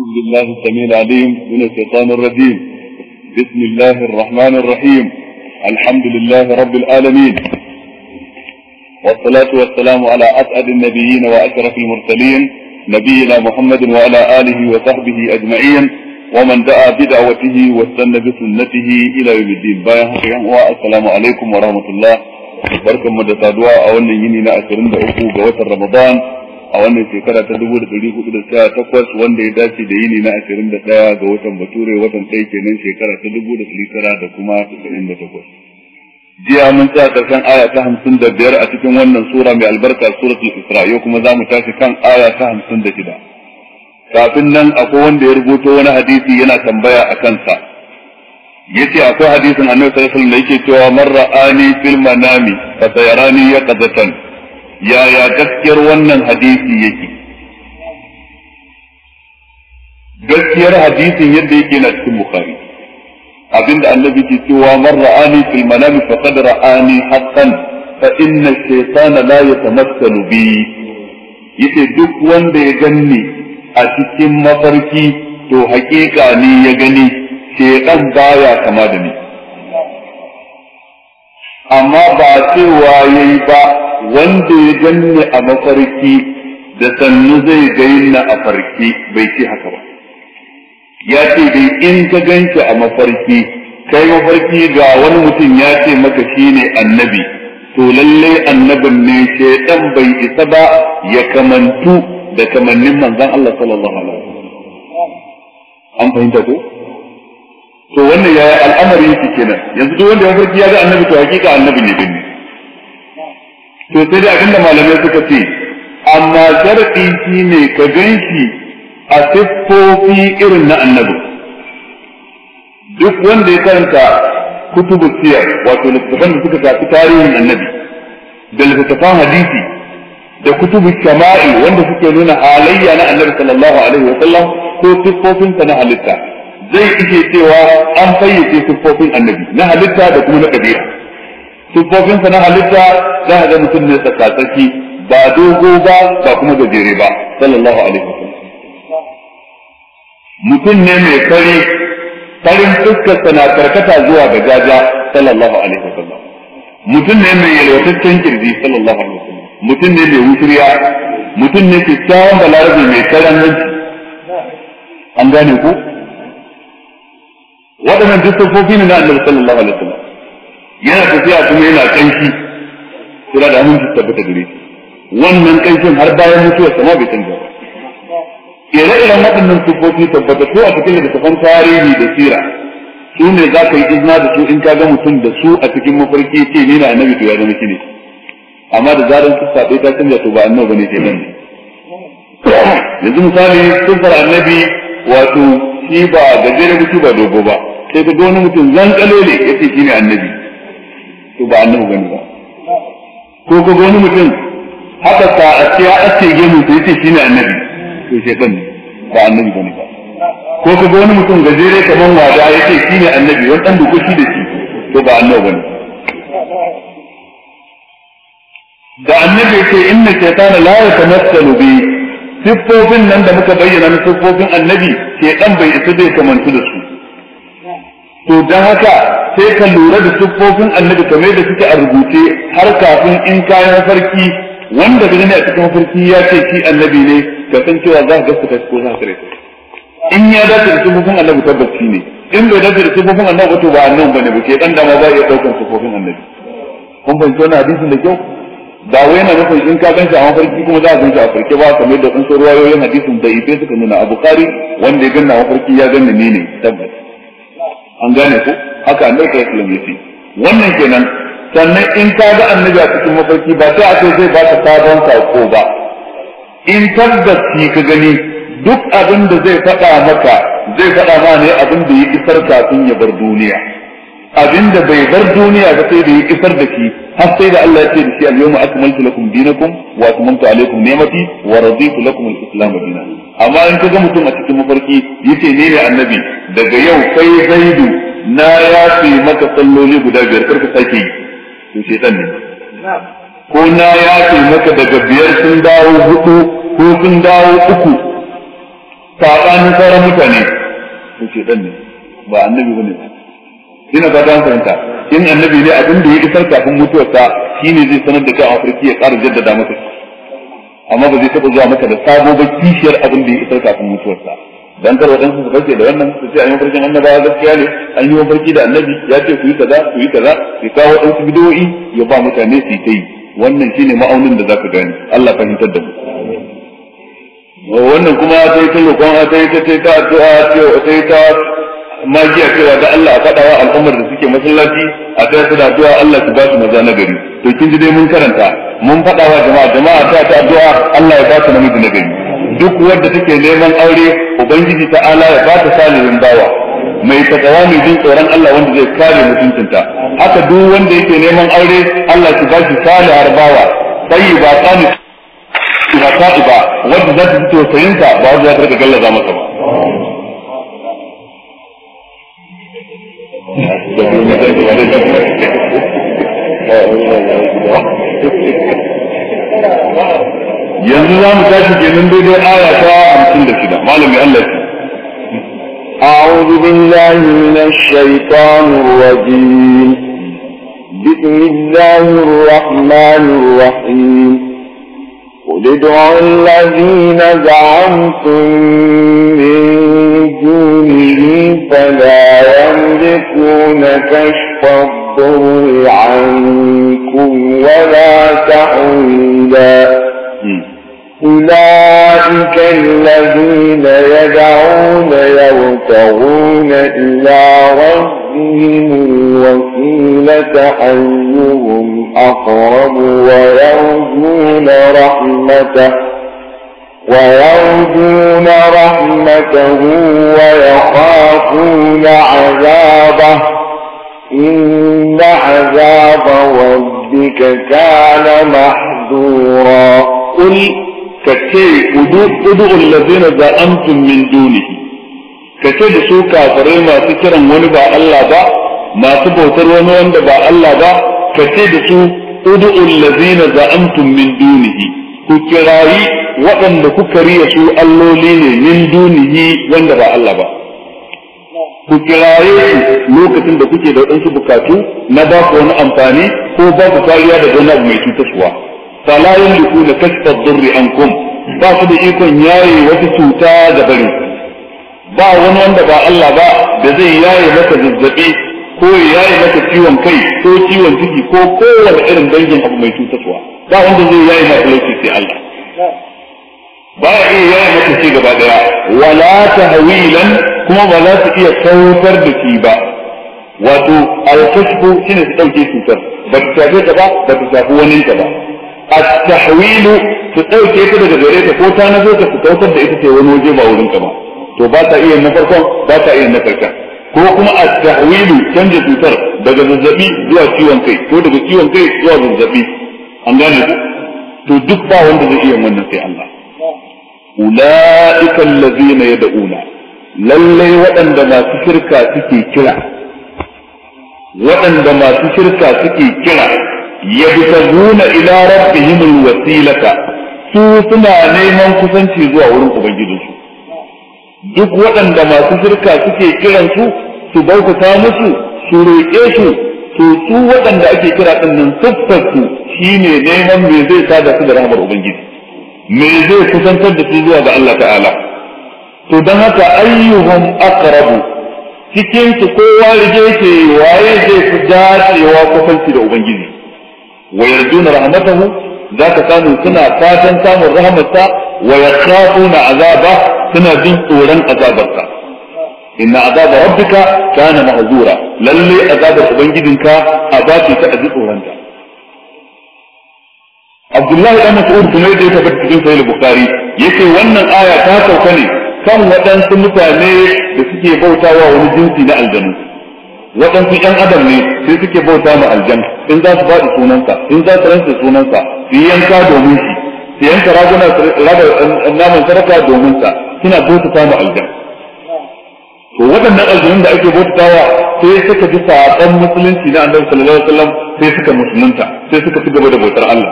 بسم الله السميع العليم من الشيطان الرجيم بسم الله الرحمن الرحيم الحمد لله رب العالمين والصلاة والسلام على أسعد النبيين وأشرف المرسلين نبينا محمد وعلى آله وصحبه أجمعين ومن دعا بدعوته واستنى بسنته إلى يوم الدين بايعهم والسلام عليكم ورحمة الله barkan مدى da saduwa a wannan yini na a wannan shekara ta dubu da ɗari hudu da sha takwas wanda ya dace da yini na ashirin da ɗaya ga watan bature watan ɗaya kenan shekara ta dubu da ɗari tara da kuma tasa'in da takwas. jiya mun tsaya karshen aya ta hamsin da biyar a cikin wannan sura mai albarka suratul isra yau kuma za mu tashi kan aya ta hamsin da shida kafin nan akwai wanda ya rubuto wani hadisi yana tambaya a kansa yace akwai hadisin annabi sallallahu alaihi wasallam da yake cewa man ra'ani fil manami fa sayarani yaqzatan yaya gaskiyar wannan hadisi yake gaskiyar hadisin yadda yake na cikin bukari abinda annabi ke cewa man ra'ani fil manami qad ra'ani haqqan fa inna shaytana la yatamassalu bi yace duk wanda ya ganni a cikin mafarki to haƙiƙa ne ya gani shaytan baya kama da ni amma ba cewa yayi ba wanda ya ganni a mafarki da sannu zai gaina a farki bai ce haka ba ya ce dai in ka ganke a mafarki kai mafarki ga wani mutum ya ce maka shine annabi to lallai annabin ne dan bai isa ba ya kamantu da kamannin manzon Allah sallallahu alaihi wasallam an fahimta ko to wannan yaya al'amari yake kenan yanzu duk wanda ya farki ya ga annabi to hakika annabi ne din to sai da abinda malamai suka ce amma zarfi shi ne ka ganshi a siffofi irin na annabi duk wanda ya karanta kutubu siyar wato littattafan da suka tafi tarihin annabi da littattafan hadisi da kutubu shama'il wanda suke nuna halayya na annabi sallallahu alaihi wa sallam ko siffofinsa na halitta zai iya cewa an fayyace siffofin annabi na halitta da kuma na ɗabi'a siffofin sa na halitta za a ga mutum ne tsakatsaki ba dogo ba ba kuma gajere ba sallallahu alaihi wa wasallam mutum ne mai kare farin fuskar na karkata zuwa ga jaja sallallahu alaihi wa wasallam mutum ne mai yalwataccen kirji sallallahu alaihi wa wasallam mutum ne mai wuturiya mutum ne kyakkyawan balarabe mai karan hanci an gane ku waɗannan duk siffofi ne na annabi sallallahu alaihi wa wasallam yana tafiya kuma yana kanki kira da hannun tabbata gare shi wannan kankin har bayan mutuwar sama bai canza ba ire-iren waɗannan sufofi tabbata ko a cikin littattafan tarihi da sira su ne za ka yi izina da su in ka ga mutum da su a cikin mafarki ce ni na annabi to ya zama shi ne amma da zarar kissa ɗaya ta canja to ba annabi bane ke nan yanzu misali siffar annabi wato shi ba da gajere mutu ba dogo ba sai ka ga wani mutum zan kalole ya ce shi ne annabi to ba annabi bane ba ko ko wani mutum haka ta a ce ya ace gemu to yace shine annabi to shedan ba annabi bane ba ko ko wani mutum gajere kaman wada yace ne annabi wani dan doko shi da shi to ba annabi bane da annabi yace inna shaytana la yatamassalu bi siffofin nan da muka bayyana na siffofin annabi ke dan bai isa bai kamantu da su to dan haka sai ka lura da siffofin annabi kamar da suke a rubuce har kafin in kayan farki wanda ka gani a cikin farki ya ce shi annabi ne ka san cewa za ka gaskata ko za ka rike in ya dace da siffofin annabi tabbaci ne in bai dace da siffofin annabi to ba annabi bane ba ke dan dama za a iya daukar siffofin annabi kun ban tona hadisi da kyau ba wai yana nufin in ka ganshi a mafarki kuma za a ganshi a farke ba kamar da kun so ruwayoyin hadisin da ife suka nuna a bukari wanda ya ganna mafarki ya ganna ne ne tabbas an gane ko haka annabi sallallahu alaihi wasallam yace wannan kenan sannan in ka ga annabi a cikin mafarki ba sai a ce zai baka sabon sako ba in tabbaci ka gani duk abin da zai faɗa maka zai faɗa ma ne abin da ya isar kafin ya bar duniya abin da bai bar duniya ba sai da ya isar da shi har sai da Allah ya ce da shi al-yawma akmaltu lakum dinakum wa atmamtu alaykum ni'mati wa raditu lakum al-islam dinan amma in kaga mutum a cikin mafarki yace ne ne annabi daga yau kai zaidu na yafe maka salloli guda biyar karka sake yi to shedan ne ko na yafe maka daga biyar sun dawo hudu ko sun dawo uku sabanin sauran mutane to shedan ne ba annabi bane ina ba ta fahimta in annabi ne abin da ya isar kafin mutuwarsa shine zai sanar da kai a mafarki ya ƙara jaddada maka amma ba zai taɓa zuwa maka da sabo ba kishiyar abin da ya isar kafin mutuwarsa dan kar waɗansu su kace da wannan su ce an yi farkin annabawa gaskiya ne an yi mafarki da annabi ya ce ku yi kaza ku yi kaza ya kawo waɗansu bidoyi ya ba mutane su yi ta yi wannan shine ma'aunin da za ka gani Allah fahimtar da mu wannan kuma sai ta roƙon sai ta ta addu'a ta magiya cewa da Allah a faɗawa al'ummar da suke masallaci a kai su da addu'a Allah su ba su maza na gari to kin ji dai mun karanta mun faɗawa jama'a jama'a ta ta addu'a Allah ya ba su namiji na gari duk wanda take neman aure ubangiji ta'ala ya ba ta salihin bawa mai takawa mai jin tsoron Allah wanda zai kare mutuncinta haka duk wanda yake neman aure Allah su ba shi salihar bawa sai ba tsani ba ba wanda za ta fito sayinta ba wanda za ta rika gallaza masa ba yanzu za mu tashi kenan daidai aya ta hamsin da shida malami Allah أعوذ بالله من الشيطان الرجيم بسم الله الرحمن الرحيم قل ادعوا الذين زعمتم من دونه فلا يملكون كشف الضر عنكم ولا تحويلا أولئك الذين يدعون يبتغون إلى ربهم الوسيلة أيهم أقرب ويرجون رحمته ويرجون رحمته ويخافون عذابه إن عذاب ربك كان محذورا قل ka ce udu'ul min da su kafirai masu kiran wani ba Allah ba masu bautar wani wanda ba Allah ba ka ce da su udu'ul ladzina za'amtum min dunihi ku kirayi waɗanda kuka riya su alloli ne min dunihi wanda ba Allah ba ku kirayi lokacin da kuke da waɗansu bukatu na ba ku wani amfani ko ba ku kariya da wani mai cutarwa. fala yamlikuna kashfa ad-durri ankum ba su da ikon yaye wata cuta da bari ba wani wanda ba Allah ba da zai yaye maka zazzabi ko ya yaye maka ciwon kai ko ciwon ciki ko kowane irin dangin abu mai cutarwa ba wanda zai yaye maka lokaci sai Allah ba ya iya yaye maka ci gaba daya wala tahwilan kuma ba za su iya saukar da shi ba wato al-kashfu shine su dauke cutar ba ta shafe ba ba ta shafi wani ta ba at-tahwilu su dauke ta daga gare ta ko ta nazo ta kautar da ita ce wani waje ba wurin ka ba to ba ta iya na ba ta iya na ko kuma at-tahwilu canja cutar daga zazzabi zuwa ciwon kai ko daga ciwon kai zuwa zazzabi an gane ku to duk ba wanda zai iya wannan sai Allah ulaika allazina yad'una lallai waɗanda masu shirka suke kira waɗanda masu shirka suke kira yabtaguna ila rabbihim alwasilata su suna neman kusanci zuwa wurin ubangijinsu duk waɗanda masu shirka suke kiran su su bautata musu su roƙe su to su waɗanda ake kira din nan su shine neman me zai sada su da rahmar ubangiji me zai kusantar da su zuwa ga Allah ta'ala to don haka ayyuhum aqrabu cikin su kowa rige yake waye zai fi dacewa kusanci da ubangiji wa yarjuna rahmatahu zaka samu suna fatan samun rahmatsa wa yakhafuna azaba suna jin tsoron azabarsa inna azaba rabbika kana mahzura lalle azabar ubangijinka azabi ta aji tsoronta Abdullahi dan Mas'ud kuma yadda ya tabbata cikin Sahih Bukhari yace wannan aya ta sauka ne kan waɗansu mutane da suke bautawa wani jinsi na aljanu waɗansu ƴan adam ne sai suke bauta ma aljanu in za su faɗi sunansa in za su rantsa sunansa su yi yanka domin shi su yanka raguna raga eh, eh, naman sadaka domin sa suna bota ma aljan to waɗannan aljanun da ake bota bautatawa sai suka ji saƙon musulunci na annabi sallallahu alaihi wasallam sai suka musulunta sai suka ci gaba da bautar Allah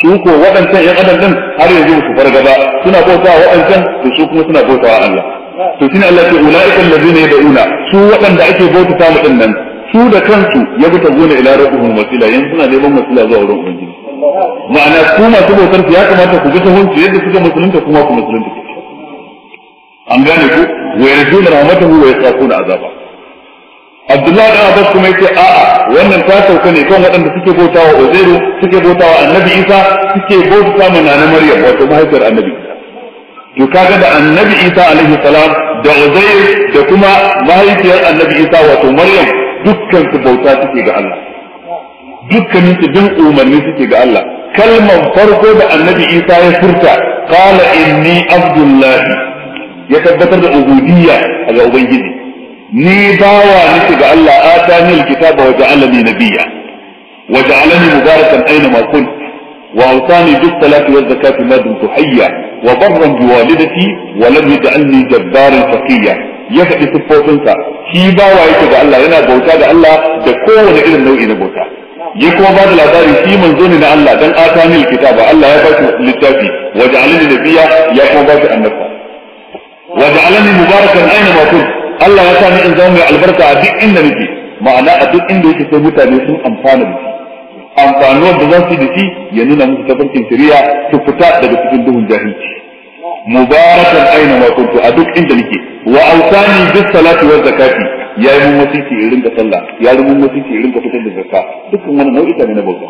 su ko waɗancan ƴan adam din har yanzu su farga ba suna bautawa waɗancan to su kuma suna bautawa Allah to shine Allah ya ce ulaika allazina yad'una su waɗanda ake bota mu din nan su da kansu ya bi tazuna ila rabbihim wasila yanzu suna neman wasila zuwa wurin ubangiji ma'ana ku masu bautar ya kamata ku bi sahun yadda suka musulunta kuma ku musulunta an gane ku wa yarjuna rahmatahu wa yasaquna azaba Abdullahi da Abbas kuma yace a'a wannan ta sauka ne kan waɗanda suke bautawa Uzairu suke bautawa Annabi Isa suke bautawa mana na Maryam wato mahaifiyar Annabi to kaga da Annabi Isa alaihi salam da Uzair da kuma mahaifiyar Annabi Isa wato Maryam dukkan su bauta suke ga Allah dukkan su bin umarni suke ga Allah kalmar farko da annabi Isa ya furta qala inni abdullahi ya tabbatar da ubudiyya ga ubangiji ni bawa nake ga Allah atani alkitaba wa ja'alani nabiyya wa ja'alani mubarakan aina ma kunt wa awsani bis salati waz zakati ma dumtu hayya wa barran bi wa lam yaj'alni jabbaran faqiyya ya faɗi siffofinsa shi wa yake ga Allah yana bauta da Allah da kowane irin nau'i na bauta ya kuma ba da labari shi manzo ne na Allah dan atanil kitaba Allah ya bashi littafi wa ja'alani nabiyya ya kuma bashi annabta wa ja'alani mubarakan aina ma kunt Allah ya sa ni in zama mai albarka a duk inda nake ma'ana a duk inda yake sai mutane sun amfana da amfanuwar da za su yi da shi ya nuna musu tafarkin shari'a su fita daga cikin duhun jahilci mubarakan aina ma kuntu a duk inda nake wa awsani bis salati waz zakati ya yi mun wasiki irin da sallah ya yi mun wasiki irin da fitar da zakka dukkan wani nau'ika ne na bauta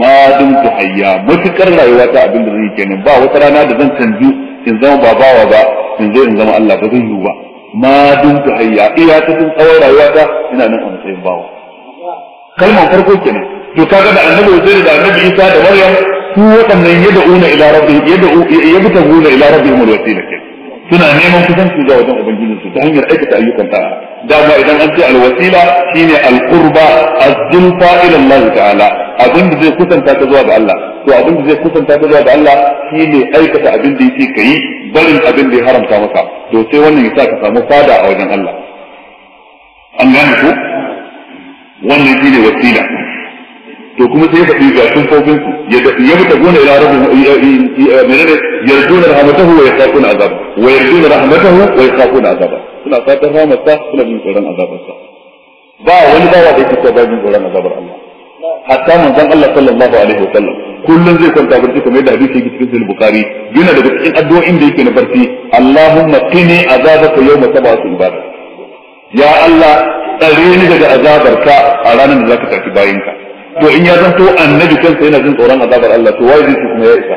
ma dum tu hayya mutakar rayuwa ta abin da zan yi kenan ba wata rana da zan canju in zama babawa ba in zo in zama Allah ba zan yi ba ma dum tu hayya iya ta tun tsawon rayuwa ta ina nan a matsayin bawa kalmar farko kenan to kaga da annabi Uzair da annabi Isa da Maryam su waɗannan yadda una ila rabbi yadda yadda una ila rabbi mu wasila ke suna neman kusanci da wajen ubangiji su ta hanyar aikata ayyukan Da dama idan an ce alwasila shine alqurba az-zulfa ila Allah ta'ala abin da zai kusanta ta zuwa ga Allah to abin da zai kusanta ta zuwa ga Allah shine aikata abin da yake kai barin abin da ya haramta maka to sai wannan ya sa ka samu fada a wajen Allah an gane ku wannan shine wasila to kuma sai faɗi ga sun kofin su ya mutu gona ila rabu menene yarduna rahmatahu wa yasaquna azab wa yarduna rahmatahu wa yasaquna azab suna fatan rahmatsa suna bin tsoron azabarsa ba wani bawa da yake ba bin tsoron azabar Allah hatta manzon Allah sallallahu alaihi wa sallam kullun zai kwanta barci kamar yadda hadisi yake cikin sahih bukhari yana daga cikin addu'o'in da yake na barci Allahumma qini azabaka yawma tab'atu ibada ya Allah tsare ni daga azabarka a ranar da zaka tafi bayinka to in ya zanto annabi kansa yana jin tsoron azabar Allah to wai zai kuma ya isa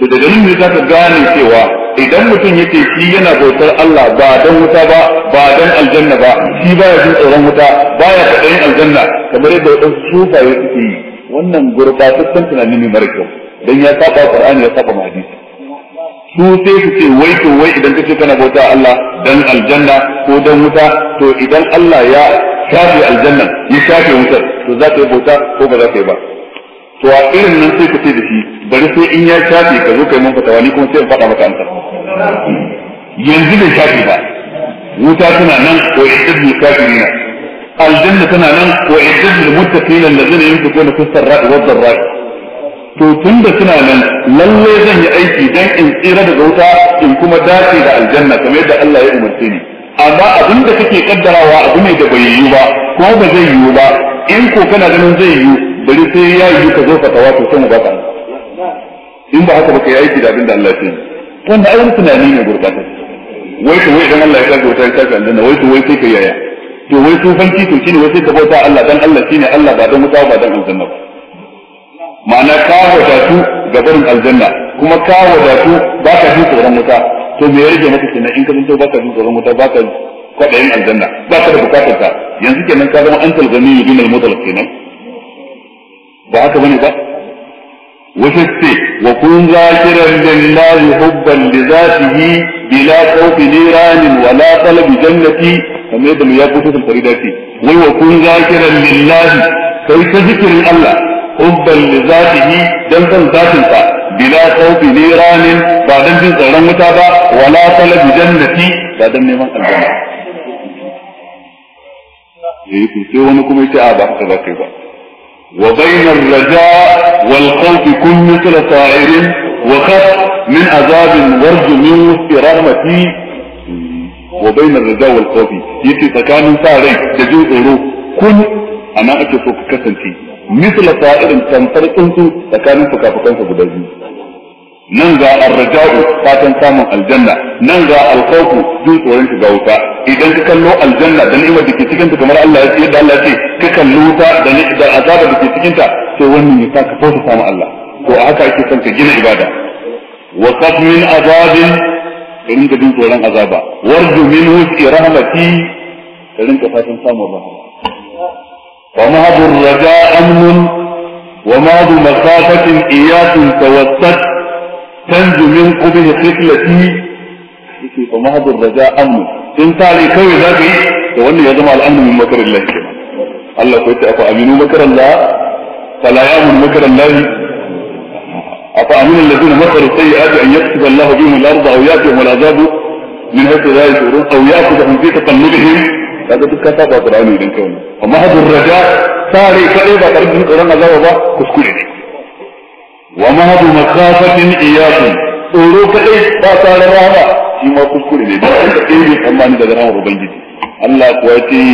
to da dalilin da zaka gane cewa idan mutum yake shi yana bautar Allah ba dan wuta ba ba dan aljanna ba shi baya jin tsoron wuta baya kaɗayin aljanna kamar yadda wadansu sufaye suke yi wannan gurbataccen tunani ne mara kyau dan ya saba Qur'ani ya saba hadisi su sai su ce wai to wai idan kace kana bauta Allah dan aljanna ko dan wuta to idan Allah ya shafe aljanna ya shafe wutar to za ta yi bauta ko ba za ta yi ba to a irin nan sai ka ce da shi bari sai in ya shafe ka zo kai mun fatawa ni kuma sai in faɗa maka amsa yanzu bai shafe ba wuta tana nan ko iddul nuna. aljanna tana nan ko da iddul muttaqina allazina na fi sarra'i wad dharra'i to tun da suna nan lalle zan yi aiki don in tsira daga wuta in kuma dace da aljanna kamar yadda Allah ya umarce ni amma abin da kake kaddarawa abu ne da bai yiwu ba ko ba zai yiwu ba in ko kana ganin zai yiwu bari sai ya yiwu ka zo fatawa to sai mu baka in ba haka ba kai aiki da abin da Allah ya ce wanda ai tunani ne gurbata wai to wai dan Allah ya kaga wata ta aljanna wai to wai sai kai yaya to wai sufanci to shine wai sai ka bauta Allah dan Allah shine Allah ba dan wuta ba dan aljanna ba ma'ana ka wadatu ga barin aljanna kuma ka wadatu ba ka ji tsoron mutawa to me ya rage maka kenan in ka zanto baka jin tsoron wuta baka kwaɗayin aljanna baka da bukatar ta yanzu kenan ka zama an talgami yi dunal mutal kenan ba haka bane ba wasu ce wa kun zakiran lillahi hubban li zatihi bila khawfi niranin wala talabi jannati kamar yadda mu ya kusa sun farida ce wai wa kun zakiran lillahi kai ta zikirin Allah hubban li zatihi dan san zatin sa بلا خوف نيران بعد ان تنزل المتابعة ولا طلب جنة بعد ان يمنع الجنة يقول سوى نكم اتعاب وبين الرجاء والخوف كل مثل طائر وخف من عذاب ورج منه في وبين الرجاء والخوف يتي تكامل فاري تجو ايرو كن انا اتفوك كسنتي misla sa'irin tamfar tsuntsu tsakanin fukafukansa guda biyu nan ga arraja'u fatan samun aljanna nan ga alkhawfu jin tsoron shiga wuta idan ka kallo aljanna da ni'imar da ke cikin ta kamar Allah ya ce da Allah ya ce ka kallo wuta da da azaba da ke cikin sai wannan ya sa ka fauta samu Allah to a haka ake son ka gina ibada azaba ka fatan فمهد الرجاء أمن ومهد مخافة إياك توسد تنج من قبه خفلتي فمهد الرجاء أمن إن تالي كوي ذاكي فواني يضمع الأمن من مكر الله الله قلت أفأمنوا مكر الله فلا يأمن مكر الله أفأمن الذين مكروا السيئات أن يكتب الله بهم الأرض أو يأتيهم العذاب من هيئة ذلك أو يأخذهم في تقلبهم kaga duk ka saba Qur'ani idan kawai. amma hadur raja sare kadai ba karfin tsoron azaba ba kuskure ne wa ma hadu makafatin iyakum tsoro kadai ba tare rahama shi ma kuskure ne ba ka kai tsammani daga rahmar ubangiji Allah kuwa ce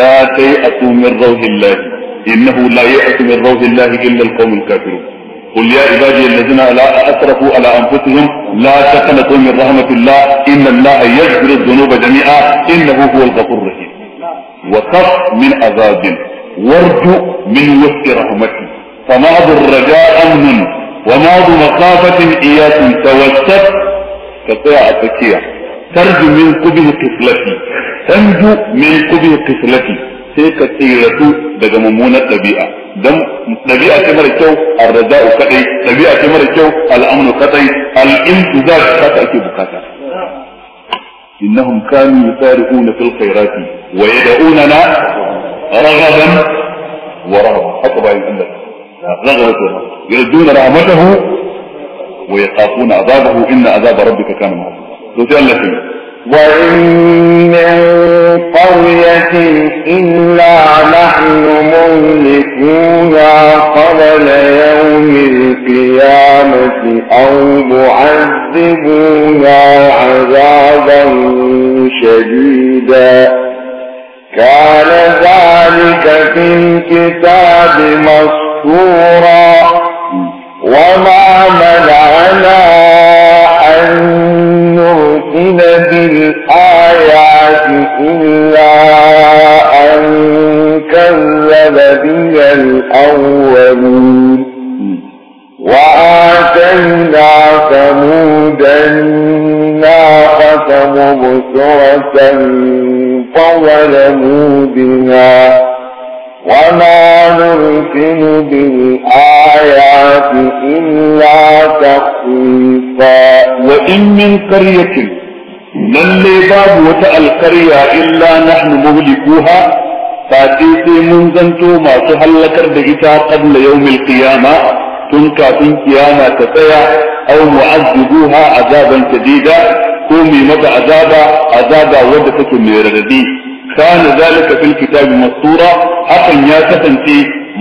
la tai'atu min rauhillahi innahu la ya'tu min rauhillahi illa kafirun قل يا عبادي الذين لا اسرفوا على انفسهم لا تقنطوا من رحمه الله ان الله يغفر الذنوب جميعا انه هو الغفور الرحيم وخف من عذاب وارجو من وسع رحمتي فماض الرجاء امن وماض مخافه اياك توسط تطيع التكيه ترجو من قبل قفلتي تنجو من قبل قفلتي sai ka tsiratu daga mummunar ɗabi'a don ɗabi'a ce mara kyau arraja'u kadai ɗabi'a ce mara kyau al'amnu kadai al'intizar haka ake bukata innahum kanu yusari'una fil khairati wa yad'unana raghaban wa rahaba haka bayan Allah raghaban wa rahaba yarjuna rahmatahu wa yaqafuna azabahu inna azaba rabbika kana mahsura to sai Allah ya وإن من قرية إلا نحن مهلكوها قبل يوم القيامة أو معذبوها عذابا شديدا كان ذلك في الكتاب مسطورا وما منعنا إلا أن كذب بي الأولين وآتينا ثمود الناقة مبصرة فظلموا بها وما نرسل بالآيات إلا تخويفا وإن من قرية babu wata alkarya illa nahnu muhlikuha fa sai mun zanto masu hallakar da ita qabla yawmil qiyama tun kafin kiyama ta tsaya aw mu'azzibuha azaban shadida ko mai mata azaba azaba wadda take mai radadi kana zalika fil kitabi mastura hakan ya kasance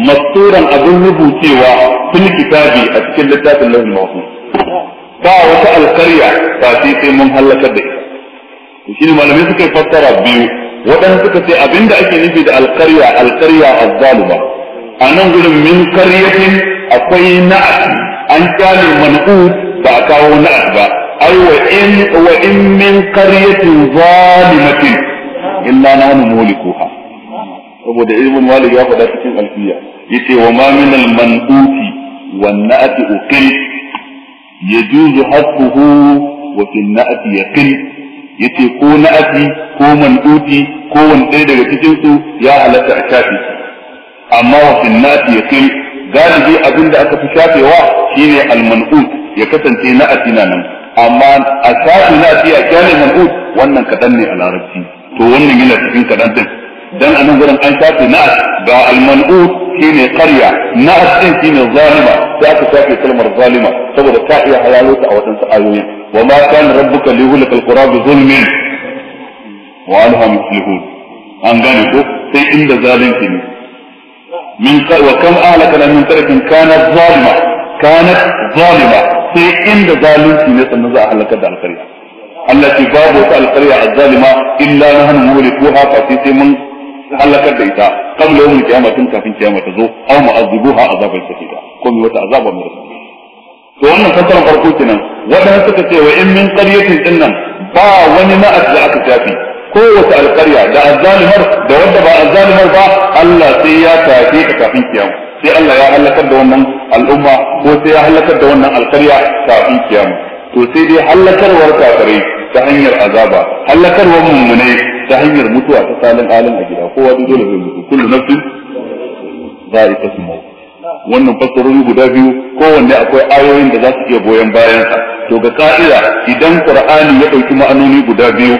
masturan abin rubucewa fil kitabi a cikin littafin lahul mahfuz ba wata alkarya fa sai mun hallakar da ita shi malamai suka yi fassara biyu waɗanda suka ce abinda ake nufi da alƙarya alƙarya azzaluma a nan gudun min karyatin akwai na'at an kyale man'u ba a kawo na'at ba ai wa in wa in min qaryatin zalimatin illa nahnu mulikuha saboda ibn malik ya faɗa cikin alfiya yace wa ma min al man'uti wan na'ati uqil yajuzu hasbuhu wa fil na'ati yaqil yace ko na'ati ko manduti ko wani ɗaya daga cikin su ya halatta a shafi amma wa finnati yaqil galibi abinda aka fi shafewa shine al-man'ut ya kasance na'ati na nan amma a shafi na'ati a kyale man'ut wannan kaɗan ne a larabci to wannan yana cikin kaɗan din dan anan gurin an shafe na'at ga al-man'ut shine ƙarya na din shine zalima sai aka sake kalmar zalima saboda ta iya halalo ta a wadansu ayoyin wa ma kana rabbuka liyuhlikal qura bi zulmin wa anha mislihun an gane ko sai inda zalunci ne min wa kam ahlakana min qaryatin kanat zalima kanat zalima sai inda zalunci ne sannan za a halaka da alƙarya Allah ce babu wata alƙarya azzalima illa nahnu mulikuha fa sai mun halakar da ita qabla yawm al-qiyamah tun kafin kiyama ta zo aw mu'azzibuha azaban shadida ko mi wata azaba mai rasu to wannan fasaran farko kenan wadanda suka ce wa in min qaryatin dinnan ba wani ma'az da aka tafi kowace alƙarya da azalimar da wanda ba azalimar ba Allah sai ya tafi ta kafin kiyama sai Allah ya halakar da wannan al'umma ko sai ya halakar da wannan alƙarya kafin kiyama to sai dai halakarwar kafirai ta hanyar azaba halakarwar mummunai ta hanyar mutuwa ta salin alin a gida kowa duk dole zai mutu kullu nafsin za'iqatul maut wannan fassarori guda biyu kowanne akwai ayoyin da za su iya goyon sa to ga ka'ida idan qur'ani ya dauki ma'anoni guda biyu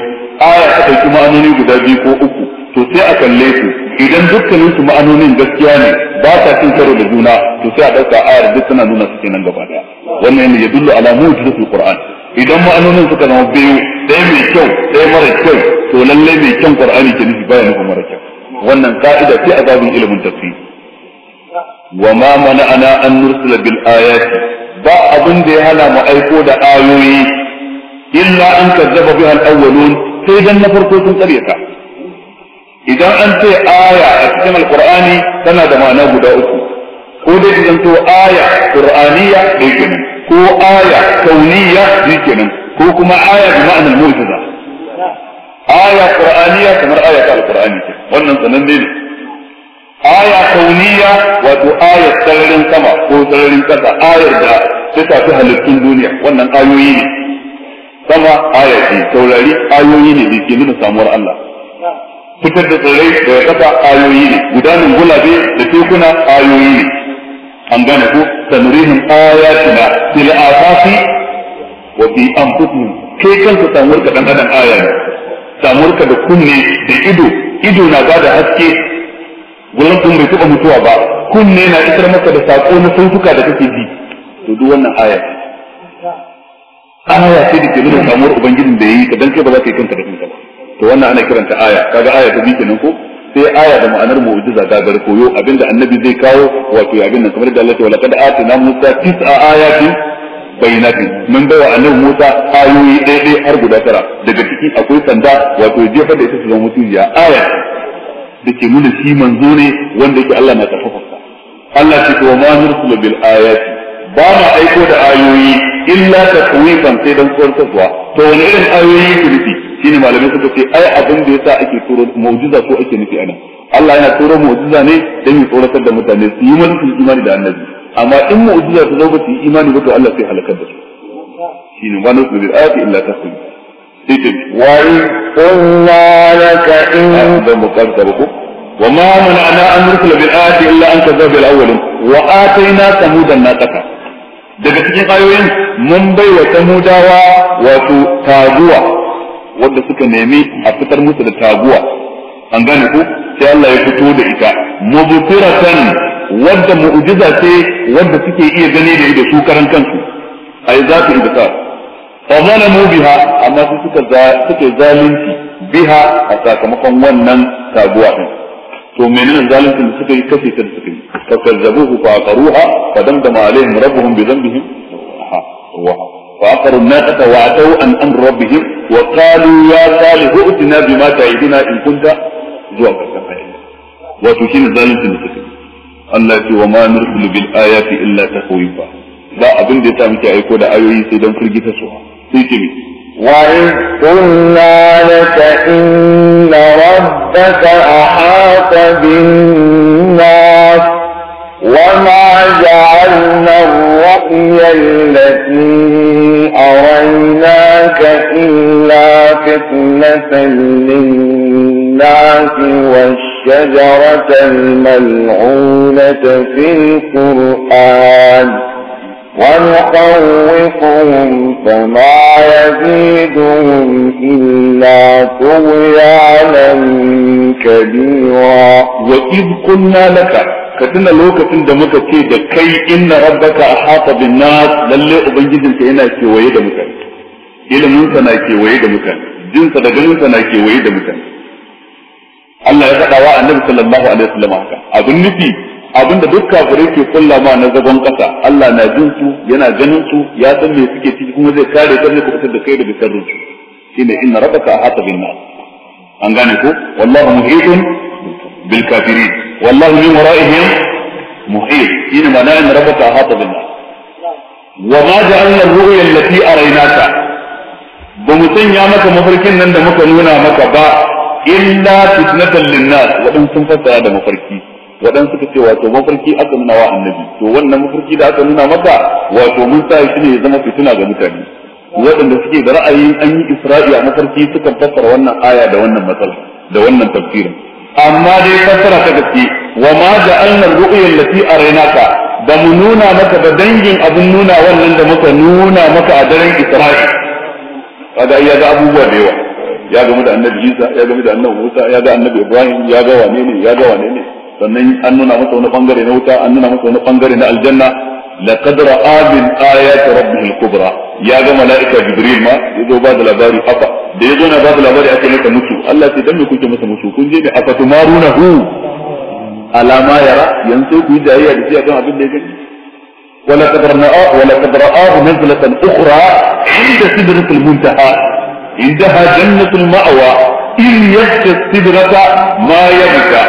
aya ta dauki ma'anoni guda biyu ko uku to sai a kalle su idan dukkanin su ma'anonin gaskiya ne ba ta cin karo da juna to sai a dauka ayar duk tana nuna su kenan gaba daya wannan ya dullu ala mujizatul qur'an idan ma'anonin suka zama biyu ɗaya mai kyau ɗaya mara kyau to lalle mai kyan qur'ani ke nufi baya nufin mara kyau wannan ka'ida ce a babin ilimin tafsiri wa ma mana'ana an nursila bil ayati ba abin da ya hana mu aiko da ayoyi illa an kazzaba biha al-awwalun sai dan na farko sun karyata idan an ce aya a cikin alqur'ani tana da ma'ana guda uku ko dai idan to aya qur'aniya dai kenan ko aya kauniya shikenan ko kuma aya bi ma'anar mu'jiza aya qur'aniya kamar aya ta alqur'ani ce wannan sananne ne aya kauniya wato aya sararin sama ko sararin kasa ayar da ta tafi halittun duniya wannan ayoyi ne sama aya ce taurari ayoyi ne da ke nuna samuwar Allah fitar da tsirrai da kasa ayoyi ne gudanin gulabe da tekuna ayoyi ne an gane ko sanurihim ayatina fil afaqi wa fi anfusihim kai kanka samuwar ka dan adam aya ne samuwar ka da kunne da ido ido na da haske gurin kun bai taba mutuwa ba kunne na isar maka da sako na sautuka da kake ji to duk wannan aya aya ce da ke nuna samuwar ubangijin da yayi ka dan kai ba za ka yi kanka da kanka ba to wannan ana kiranta aya kaga aya ta bi kenan ko sai aya da ma'anar mu'jiza da koyo abinda annabi zai kawo wato abin nan kamar da Allah ya ce laqad atina musa tis'a ayatin bainatin. mun bai wa annabi musa ayoyi daidai har guda tara daga ciki akwai sanda wato jefa da ita su zama mutunjiya aya da ke nuna shi manzo ne wanda yake Allah na karfafa Allah ce wa ma nursulu bil ayati ba ma aiko da ayoyi illa takwifan sai dan tsortarwa to wani irin ayoyi ku nufi shine malamai suka ce ai abin da yasa ake turo mu'jiza ko ake nufi anan Allah yana turo mu'jiza ne dan ya tsoratar da mutane su yi mulkin imani da annabi amma in mu'jiza ta zo ba su yi imani ba to Allah sai halakar da su shine ma nasu bil ayati illa tahkum وإذ قلنا لك إن وما منعنا أن نرسل بالآيات إلا أن كذب الأولين وآتينا ثمود الناقة daga cikin ayoyin mun bai wa samudawa wato taguwa wanda suka nemi a fitar musu da taguwa an gane ku sai Allah ya fito da ita mubtiratan wadda mu'jiza ce wadda suke iya gani da ita su karan kansu ai za ta ibta fa mu biha amma su suka suke zalunci biha a sakamakon wannan taguwa din to menene zaluncin da suka yi kashi ta suka yi fa kazzabuhu fa aqaruha fa damdama alaihim rabbuhum bi dhanbihim wa fa aqaru an-naqata wa atau an amr rabbihim وقالوا يا صالح ائتنا بما تعدنا ان كنت زوا وتشين ذلك المسلم الله يقول وما نرسل بالايات الا تخويفا لا ابن دي تامك اي كودا ايوي سي دون فرغيتا سوا سي تيمي واذ قلنا لك ان ربك احاط بالناس وما جعلنا الرأي التي اريناك جعلناك إلا فتنة للناس والشجرة الملعونة في القرآن ونخوفهم فما يزيدهم إلا طغيانا كبيرا وإذ قلنا لك ka tuna lokacin da muka ce da kai inna rabbaka ahata bin nas lalle ubangijinka yana kewaye da mutane ilimin sa na kewaye da mutane jin sa da ganin sa na kewaye da mutane Allah ya faɗa wa annabi sallallahu alaihi wasallam haka abin nufi abinda duk kafirai ke kulla ma na zagon kasa Allah na jin su yana ganin su ya san me suke ciki kuma zai kare ka ne fitar da kai daga sharrin su shine inna rabbaka ahata bin nas an gane ko wallahu muhitun bil kafirin wallahu min wara'ihim muhit shine ma'ana inna rabbaka ahata bin nas wa ma ja'alna ar-ru'ya allati araynaka ba mu sanya maka mafarkin nan da muka nuna maka ba illa fitnatan linnas wadan sun fassara da mafarki wadan suka ce wato mafarki aka nuna wa annabi to wannan mafarki da aka nuna maka wato mun sa shi ne ya zama fitina ga mutane waɗanda suke da ra'ayin an yi isra'i a mafarki suka fassara wannan aya da wannan matsala da wannan tafsirin amma dai fassara ta gaske wa ma ja'alna ru'ya allati araynaka ba mu nuna maka ba dangin abun nuna wannan da muka nuna maka a daren isra'i kaga ya ga abubuwa da yawa ya gamu da annabi Isa ya gamu da annabi Musa ya ga annabi Ibrahim ya ga wane ne ya ga wane ne sannan an nuna masa wani bangare na wuta an nuna masa wani bangare na aljanna laqad ra'a min ayati rabbihil kubra ya ga malaika jibril ma yazo ba da labari afa da yazo na ba da labari ake masa mutu Allah sai dan me kuke masa mutu kun je ne afa tumarunahu alama yara yanzu ku yi jayayya da shi akan abin da ya gani ولقد رآه ولقد رآه نزلة أخرى عند سدرة المنتهى عندها جنة المأوى إن يغشى السدرة ما يغشى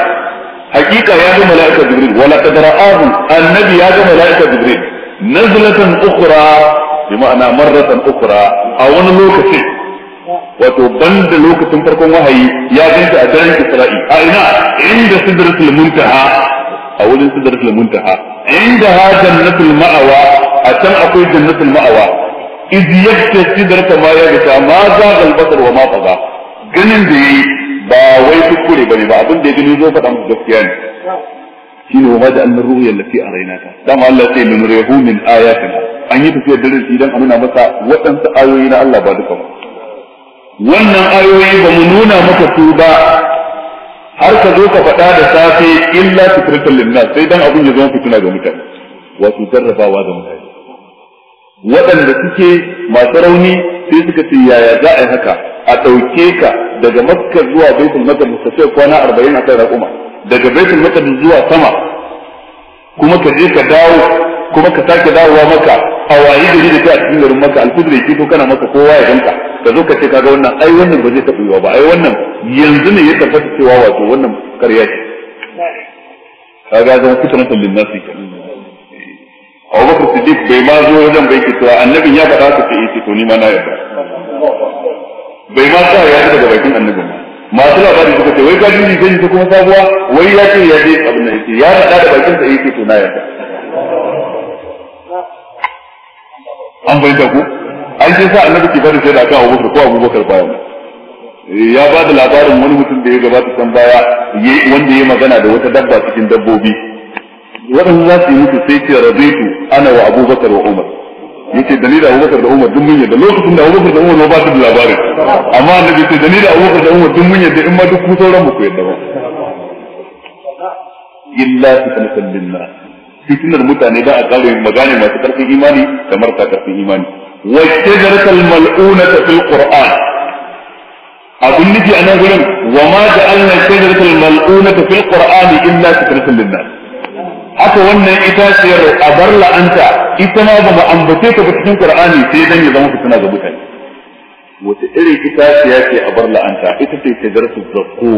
حقيقة يا ملائكة جبريل ولقد رآه النبي يا ملائكة جبريل نزلة أخرى بمعنى مرة أخرى أو لوكسي wato ban da lokacin farkon wahayi ya ganta a daren Isra'i a ina inda sidratul muntaha a wurin sidratul muntaha inda ha jannatul ma'awa a can akwai jannatul ma'awa iz yakta sidrata ma ya gata ma za gal basar wa ma faga ganin da yi ba wai kuskure bane ba abin da ya gani zo faɗa muku gaskiya ne shine wa da annar ru'ya a rainata? dama Allah sai min rehu min ayatina an yi tafiyar dare idan a masa waɗansu ayoyi na Allah ba duka ba wannan ayoyi ba mu nuna maka su ba har ka zo ka faɗa da safe illa fitratan linnas sai dan abun ya zama fituna ga mutane wato jarrabawa ga mutane waɗanda suke masu rauni sai suka ce yaya za a yi haka a ɗauke ka daga makka zuwa baitul maqdis ka ce kwana 40 a kan raquma daga baitul maqdis zuwa sama kuma ka je ka dawo kuma ka sake dawowa maka a da kai a cikin garin maka alfijir ke to kana masa kowa ya ganka ka zo ka ce kaga wannan ai wannan ba zai taɓa yiwa ba ai wannan yanzu ne ya tabbata cewa wato wannan ƙarya ce kaga zan fitnatan lin nasi Abu Bakar Siddiq bai ma zo wajen bai ke cewa annabin ya faɗa ka ce ce to ni ma na yarda bai ma sa ya daga bakin annabin masu labari suka ce wai ka gajin rigar ta kuma sabuwa wai ya ce ya je abin da ce ya faɗa da bakin sa ya ce to na yarda an bai ku an ce sa annabi ke bada shaida akan Abubakar ko Abubakar bayan eh, ya ba da labarin wani mutum da ya gabata can baya wanda ya magana da wata dabba cikin dabbobi waɗanda za su yi mutu sai ce rabitu ana wa Abubakar wa Umar yace da da Abubakar da Umar duk mun yadda lokacin da Abubakar da Umar ba su da labarin amma annabi ce da da Abubakar da Umar duk mun yadda in ma duk ku sauran mu ku yadda ba illa fi kalbin fitinar mutane da a kare magana masu karfin imani da marasa karfin imani wa shajaratul mal'unata fil qur'an abun nufi a nan gurin wa ma ja'alna shajaratul mal'unata fil qur'an illa fitratan lin-nas haka wannan ita ce a bar la'anta ita ma ba mu ambace ta cikin qur'ani sai dan ya zama fitina ga mutane wata irin ita ce a bar la'anta ita ce shajaratul zakum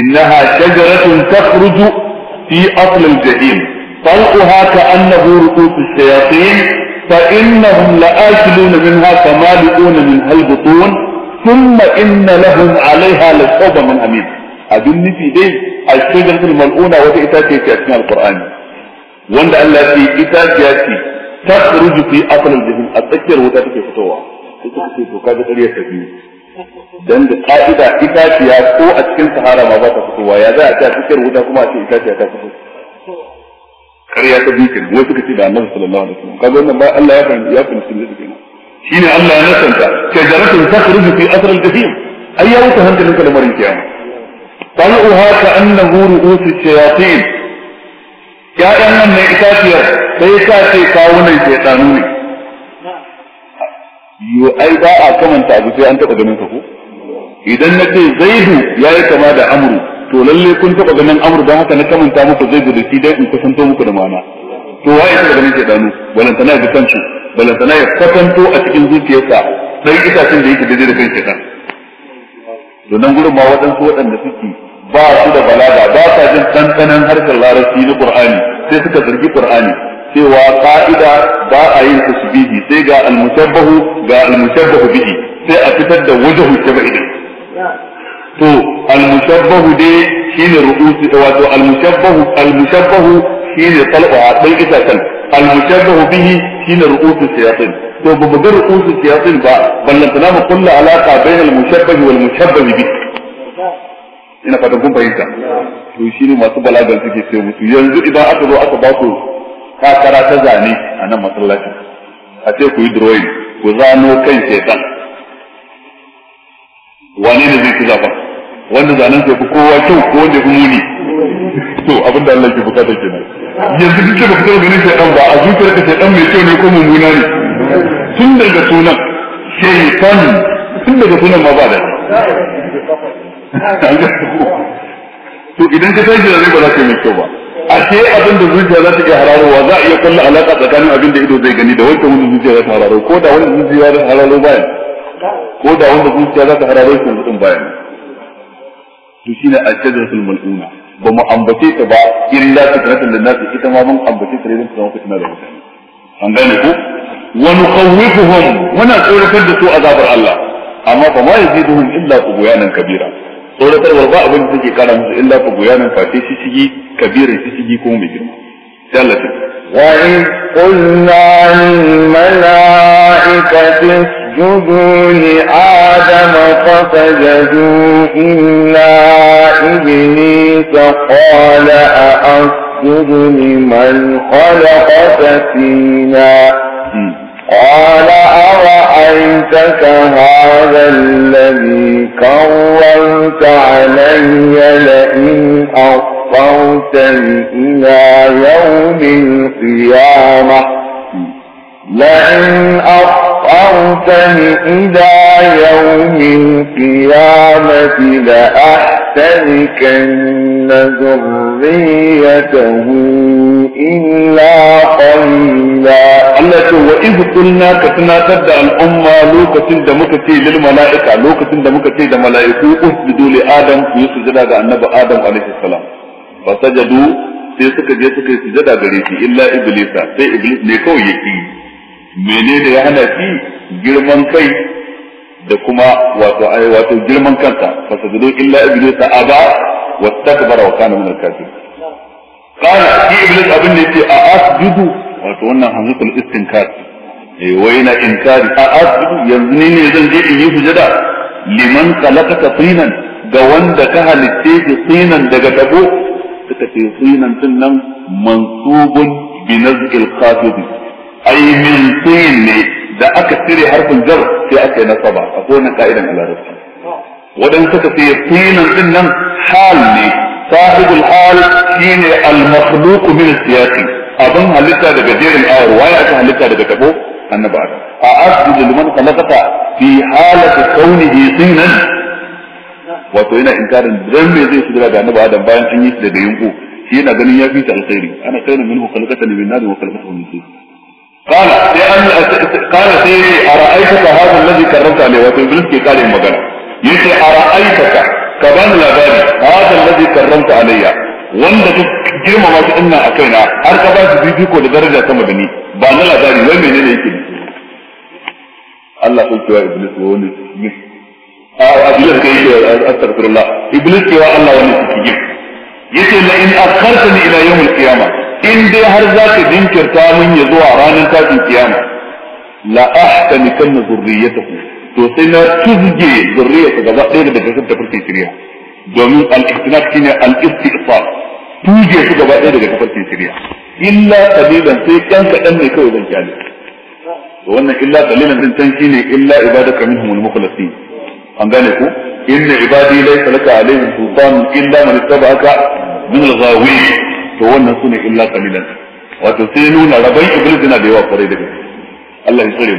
innaha shajaratun takhruju في أصل الجحيم طلقها كأنه رؤوس الشياطين فإنهم لآكلون منها فمالئون منها البطون ثم إن لهم عليها لشوب من حميم أبن في دي الشجرة الملؤونة وتأتي في أثناء القرآن وأن التي إتاكياتي تخرج في أصل الجحيم أتذكر وتأتي فتوى تأتي فتوى كذا dan da ka'ida itaciya ko a cikin sahara ma ba ta fitowa ya za a ta fitar wuta kuma a ce itaciya ta fito ƙarya ta bikin wai suka ce da annabi sallallahu alaihi wasallam kaga wannan ba Allah ya fahimci ya fahimci ne kenan shine Allah ya nasanta shajaratun takhruju fi asr al-jahim ai ya wuce hankalin kalmar kiyama طلعها كأنه رؤوس الشياطين يا أن النئتات يا ليس في قاونا شيطانوني yo ai ba a kamanta abu sai an taɓa ganin ka ko idan na ce zaidu yi kama da amru to lalle kun taɓa ganin amru dan haka na kamanta muku zaidu da shi dai in kusanto muku da ma'ana. to waye taba ganin ke danu balantana ga kansu na ya kwatanto a cikin zuciyarsa dan itacen da yake daidai da kansa dan to nan gurin ma waɗansu waɗanda suke ba su da balaga ba sa jin ɗanɗanon harkar larabci na ƙur'ani sai suka zargi ƙur'ani. cewa ka'ida ba a yin tasbihi sai ga al-mushabbahu ga al-mushabbahu bihi sai a fitar da wajhu tabi'i din to al-mushabbahu dai shine ru'usi wato al-mushabbahu al-mushabbahu shine talqa dan ita kan al-mushabbahu bihi shine ru'usi siyasin to ba ga ru'usi siyasin ba ballantana mu kullu alaqa bainal mushabbahi wal mushabbahi bihi ina fatan kun fahimta to shine masu balagan suke ce musu yanzu idan aka zo aka ba su. takara ta zane a nan masallacin a ce ku yi drawing ku zano kan shaitan wane ne zai ci zaɓa wanda zanen sai ku kowa kyau ko wanda ya muni to abin da Allah ke bukata kenan yanzu duk da fitar ganin shaitan ba a zuciyar ka shaitan mai kyau ne ko mummuna ne tun daga sunan shaitan tun daga sunan ma ba da to idan ka tashi da zai ba za ka yi mai kyau ba a ce abin da zuciya za ta iya wa za a iya kulla alaƙa tsakanin abin da ido zai gani da wancan wanda zuciya za ta hararo ko da wanda zuciya za ta hararo bayan ko da wanda zuciya za ta hararo shi mutum bayan to shine al-shajaratul mal'una ba mu ambace ta ba illa tana da nasu ita ma mun ambace ta ne don fitina da mutane an gane ko wa nukhawifuhum muna tsoratar da su azabar Allah amma ba ma yaziduhum illa tughyanan kabira tsoratarwar ba abin da yake kana musu illa tughyanan fatishi shigi كبيرة isigi ko mai وإذ قلنا للملائكة اسجدوا لآدم فسجدوا إلا إبليس قال أأسجد لمن خلقت فينا قال أرأيتك هذا الذي كرمت علي لئن أصبت قوتا إلى يوم القيامة لئن أخرتني إلى يوم القيامة لأحتركن ذريته إلا قليلا الله وإذ قلنا كتنا تبدا الأمة لوكة دمكتي للملائكة لوكة دمكتي للملائكة اسجدوا لآدم في سجدة النبي آدم عليه السلام fasajadu sai suka je suka yi sujada gare shi illa iblisa sai iblis ne kawai yake menene ya hana shi girman kai da kuma wato ai wato girman kansa fasajadu illa iblisa aba wastakbara wa kana min al-kafirin kana shi iblis abin da ce a asjudu wato wannan hamzatul istinkar eh wai na inkari a asjudu yanzu ne ne zan je in yi sujada liman khalaqaka tinan ga wanda ka halitte shi tinan daga tabo suka ce tsinan din nan mansubun bi nazqil khafid ai min tin ne da aka cire harfin jar sai aka yi nasaba a wannan ka'idan al-arabi wadan suka ce tsinan din nan hal ne sahibul hal shine al-makhluq min al abin halitta daga jerin ayar waya aka halitta daga tabo annabi adam a asjudu liman khalaqata fi halati kaunihi tsinan wato yana inkarin dan me zai sujada da annabi adam bayan an yi shi daga yunku shi yana ganin ya fi ta alkhairi ana kaina minhu khalaqatan min nar wa khalaqahu min tin qala sai an qala sai ara'aita hadha alladhi karramta alayhi wato iblis ke kare magana yace ara'aita ka bani labari hadha alladhi karramta alayya wanda duk girmama shi ina a kaina har ka ba shi bibiko da daraja sama da ni ba na labari wai menene yake Allah sun cewa iblis wa wani a abiyar kai ce astaghfirullah iblis cewa Allah wani su cikin yace la in akhartani ila yawmil qiyamah in dai har zaka jinkirta mun ya zuwa ranar tashin kiyama la ahtanikanna zurriyatahu to sai na tuzge zurriyata gaba daga cikin tafarkin shirya domin al-ihtinaf shine al-istifal tuje su gaba ɗaya daga tafarkin shirya sai kan kaɗan ne wannan illa qalilan din can illa an gane ku inna ibadi laysa laka alaihim sultan illa man ittaba'aka min al-ghawin to wannan sune illa qalilan wato sai nuna rabai iblis yana da yawa kwarai da gaske Allah ya tsare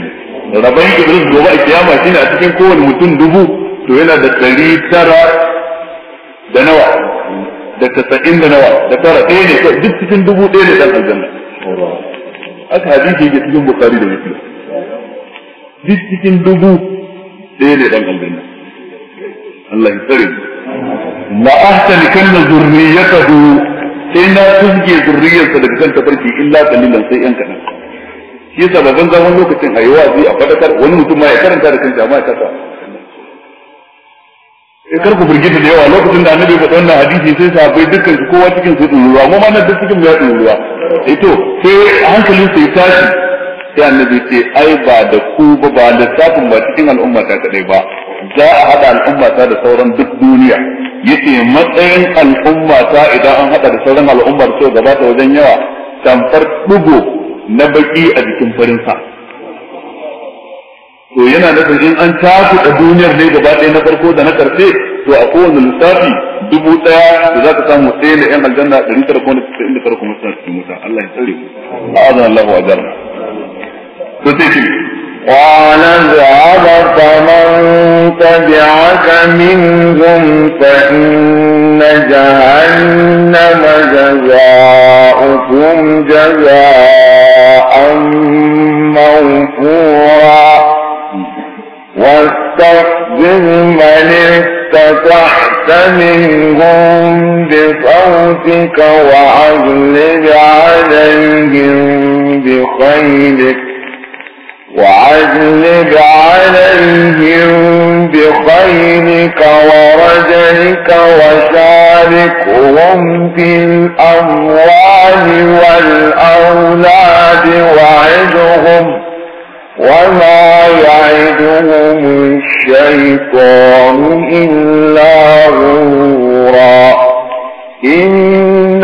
mu rabai iblis gobe a kiyama shine a cikin kowane mutum dubu to yana da ɗari tara da nawa da tasa'in da nawa da tara ɗaya ne duk cikin dubu ɗaya ne ɗan aljanna aka hadisi yake cikin bukari da muslim duk cikin dubu ɗaya ne ɗan aljanna Allah ya tsare la ahtalikanna zurriyatahu sai na tunge zurriyarsa daga kan tafarki illa kalilan sai yan kadan shi yasa babban wani lokacin a yi wa'azi a fadakar wani mutum ma ya karanta da kan amma ta kasa ya eh, karku firgita da yawa lokacin da annabi faɗa wannan hadisi sai sahabbai dukkan su kowa cikin su ɗin ruwa mu ma nan duk cikin mu ya ɗin ruwa eh to sai hankalin sai tashi sai annabi ce ai ba da ku ba ba lissafin ba cikin al'umma ta kadai ba za a haɗa al'ummata da sauran duk duniya yace matsayin al'ummata idan an haɗa da sauran al'ummar so ta wajen yawa tamfar ɗugo na baki a jikin farin sa to yana da in an da duniyar ne gaba ɗaya na farko da na karfe to a kowane lissafi dubu ɗaya da za ka samu sai da ƴan aljanna ɗari tara kuma da inda tara kuma suna cikin wuta Allah ya tsare mu a'azan Allah wa ajarna to sai قال اذهب فمن تبعك منهم فإن جهنم جزاؤكم جزاء موفورا واستخدم من استطعت منهم بصوتك وأغلب عليهم بخيلك وعذب عليهم بخيرك ورجلك وشاركهم في الأموال والأولاد وعدهم وما يعدهم الشيطان إلا غرورا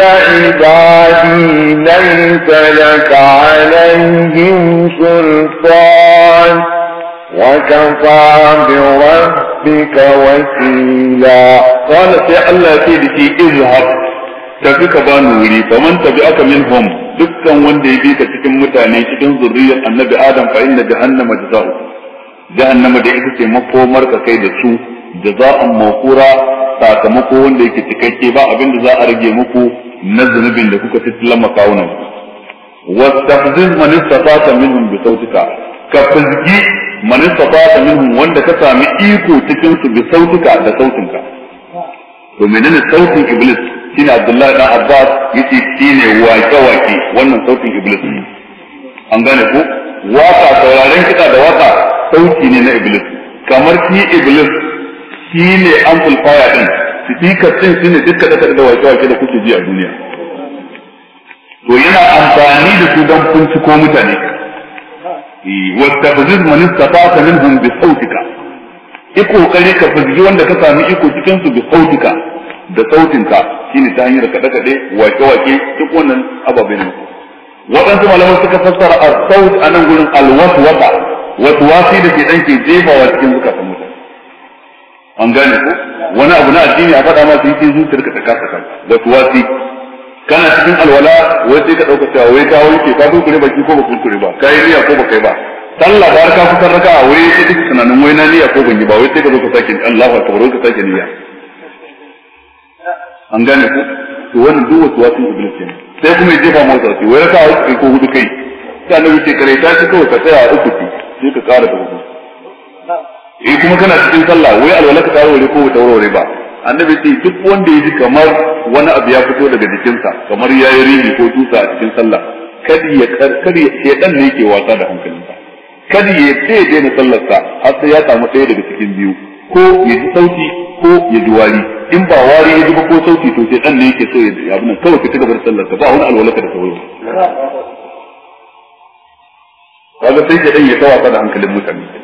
عبادي ليس لك عليهم سلطان وكفى بربك وكيلا قال في الله تبكي اذهب tafi ka ba ni wuri faman tabi aka min hom dukkan wanda ya bi ka cikin mutane cikin zurriyar annabi adam fa inna jahannama jazaa'u jahannama da ita ce makomar ka kai da su jaza'an mawqura sakamako wanda yake cikakke ba abin da za a rage muku na zunubin da kuka tilama kawunan wastahziz man istata minhum bi sautika ka fizgi man istata minhum wanda ka sami iko cikin su bi sautika da sautinka to menene sautin iblis shine abdullahi dan abbas yace shine wake wake wannan sautin iblis an gane ko waka sauraren kiɗa da waka sauti ne na iblis kamar shi iblis shine amplifier din sun su ne duk kada da wake-wake da kuke ji a duniya to yana amfani da su don ko mutane واستفزز من استطعت bi sautika. iko kare ka fizgi wanda ka sami iko cikin su bi sautika da sautinka shine ta hanyar kaɗe kaɗe wake wake duk wannan ababen ne waɗansu malamai suka fassara a saut anan gurin wata. wasu wasi da ke ɗan ke jefawa cikin ta mutane an gane ku? wani abu na addini a faɗa masa yake zuciyar ka ta kasa kan kuwa wasi kana cikin alwala wai sai ka dauka cewa wai ka wanke ka kunkure baki ko ba kunkure ba kai riya ko ba kai ba sallah bar ka fitar raka a wai sai duk sunanin wai na riya ko ban ba wai sai ka zo ka sake Allahu akbar ka sake riya an gane ku to wannan duk wasu wasu iblis ne sai kuma yaje ba motsa shi wai ka uku ko hudu kai sai na wuce kare ta ci kawai ka tsaya uku ci sai ka kara da hudu eh kuma kana cikin sallah wai alwala ka wuri ko ta wuri ba annabi sai duk wanda ya ji kamar wani abu ya fito daga jikinsa kamar ya yi rini ko tusa a cikin sallah kadi ya kadi ya dan ne yake wasa da hankalinsa kadi ya ce daina sallarsa har sai ya samu ɗaya daga cikin biyu ko ya ji sauti ko ya ji wari in ba wari ya ji ba ko sauti to sai dan ne yake so ya ji abin kawai ka ci gaba da sallarsa ba wani alwala ka da sauro kaga sai ka dan ya tawa da hankalin mutane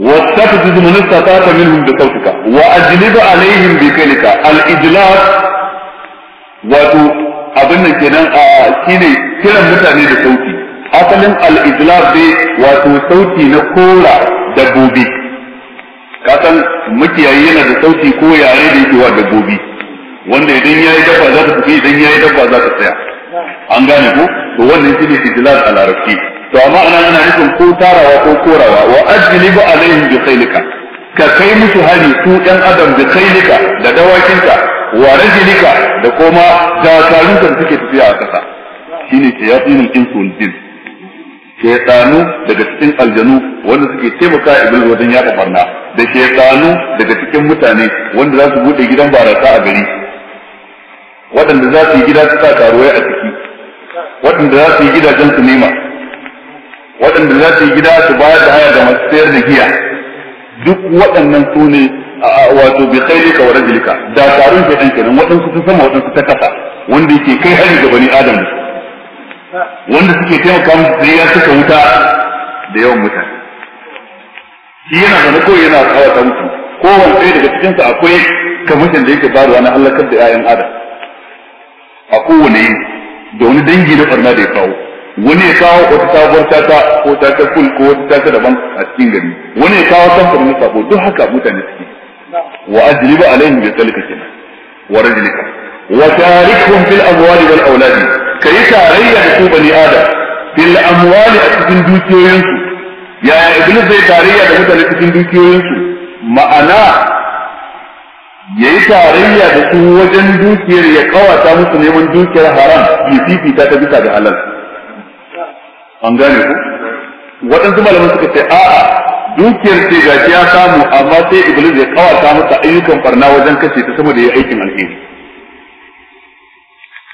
واستفزز من استطعت منهم بصوتك واجلب عليهم بكلك الاجلاب wato abin da كيني a shine kiran mutane da sauti asalin صوتي ijlab دبوبي wato sauti na kora dabbobi kasan makiyayi yana da sauti ko yare da yake wa dabbobi wanda idan yayi dabba za ta fi idan yayi dabba za ta tsaya an gane ko to wannan shine jilal a larabci to amma ana ana nufin ko tarawa ko korawa wa ajlibu alaihim bi khaylika ka kai musu hari su ɗan adam bi khaylika da dawakinka wa rajulika da kuma dakarunka da suke tafiya a ƙasa shine shayatinul insu wal Ke shaytanu daga cikin aljanu wanda suke taimaka ibil wajen yaɗa barna da shaytanu daga cikin mutane wanda za su bude gidan barasa a gari waɗanda za su yi gida su sa karuwai a ciki waɗanda za su yi gidajen su nema waɗanda za su yi gida su bayar da haya ga masu sayar da giya duk waɗannan su ne wato bi ka wa rajulika da tarin ke ɗan kenan waɗansu sun sama waɗansu ta kasa wanda yake kai hari ga bani adam wanda suke taimaka musu sai ya suka wuta da yawan mutane shi yana da ko yana kawata musu kowanne ɗaya daga cikin su akwai kamishin da yake bayarwa na halakar da 'ya'yan adam a kowane yi da wani dangi na ɓarna da ya kawo wani ya kawo wata sabuwar tata ko tata kul ko wata tata daban a cikin gari wani ya kawo samfur na sabo duk haka mutane suke wa ajriba alaihim bi talika kina wa rajulika wa tarikhum fil amwali wal aulad kai tarayya da su bani adam fil amwali a cikin dukiyoyinsu ya iblis zai tarayya da mutane cikin dukiyoyinsu ma'ana yayi tarayya da su wajen dukiyar ya kawata musu neman dukiyar haram ya fifita ta bisa da halal an gane ku waɗansu malamai suka ce a'a dukiyar ce ga ya samu amma sai iblis ya kawata masa ayyukan farna wajen kashe ta sama da ya aikin alheri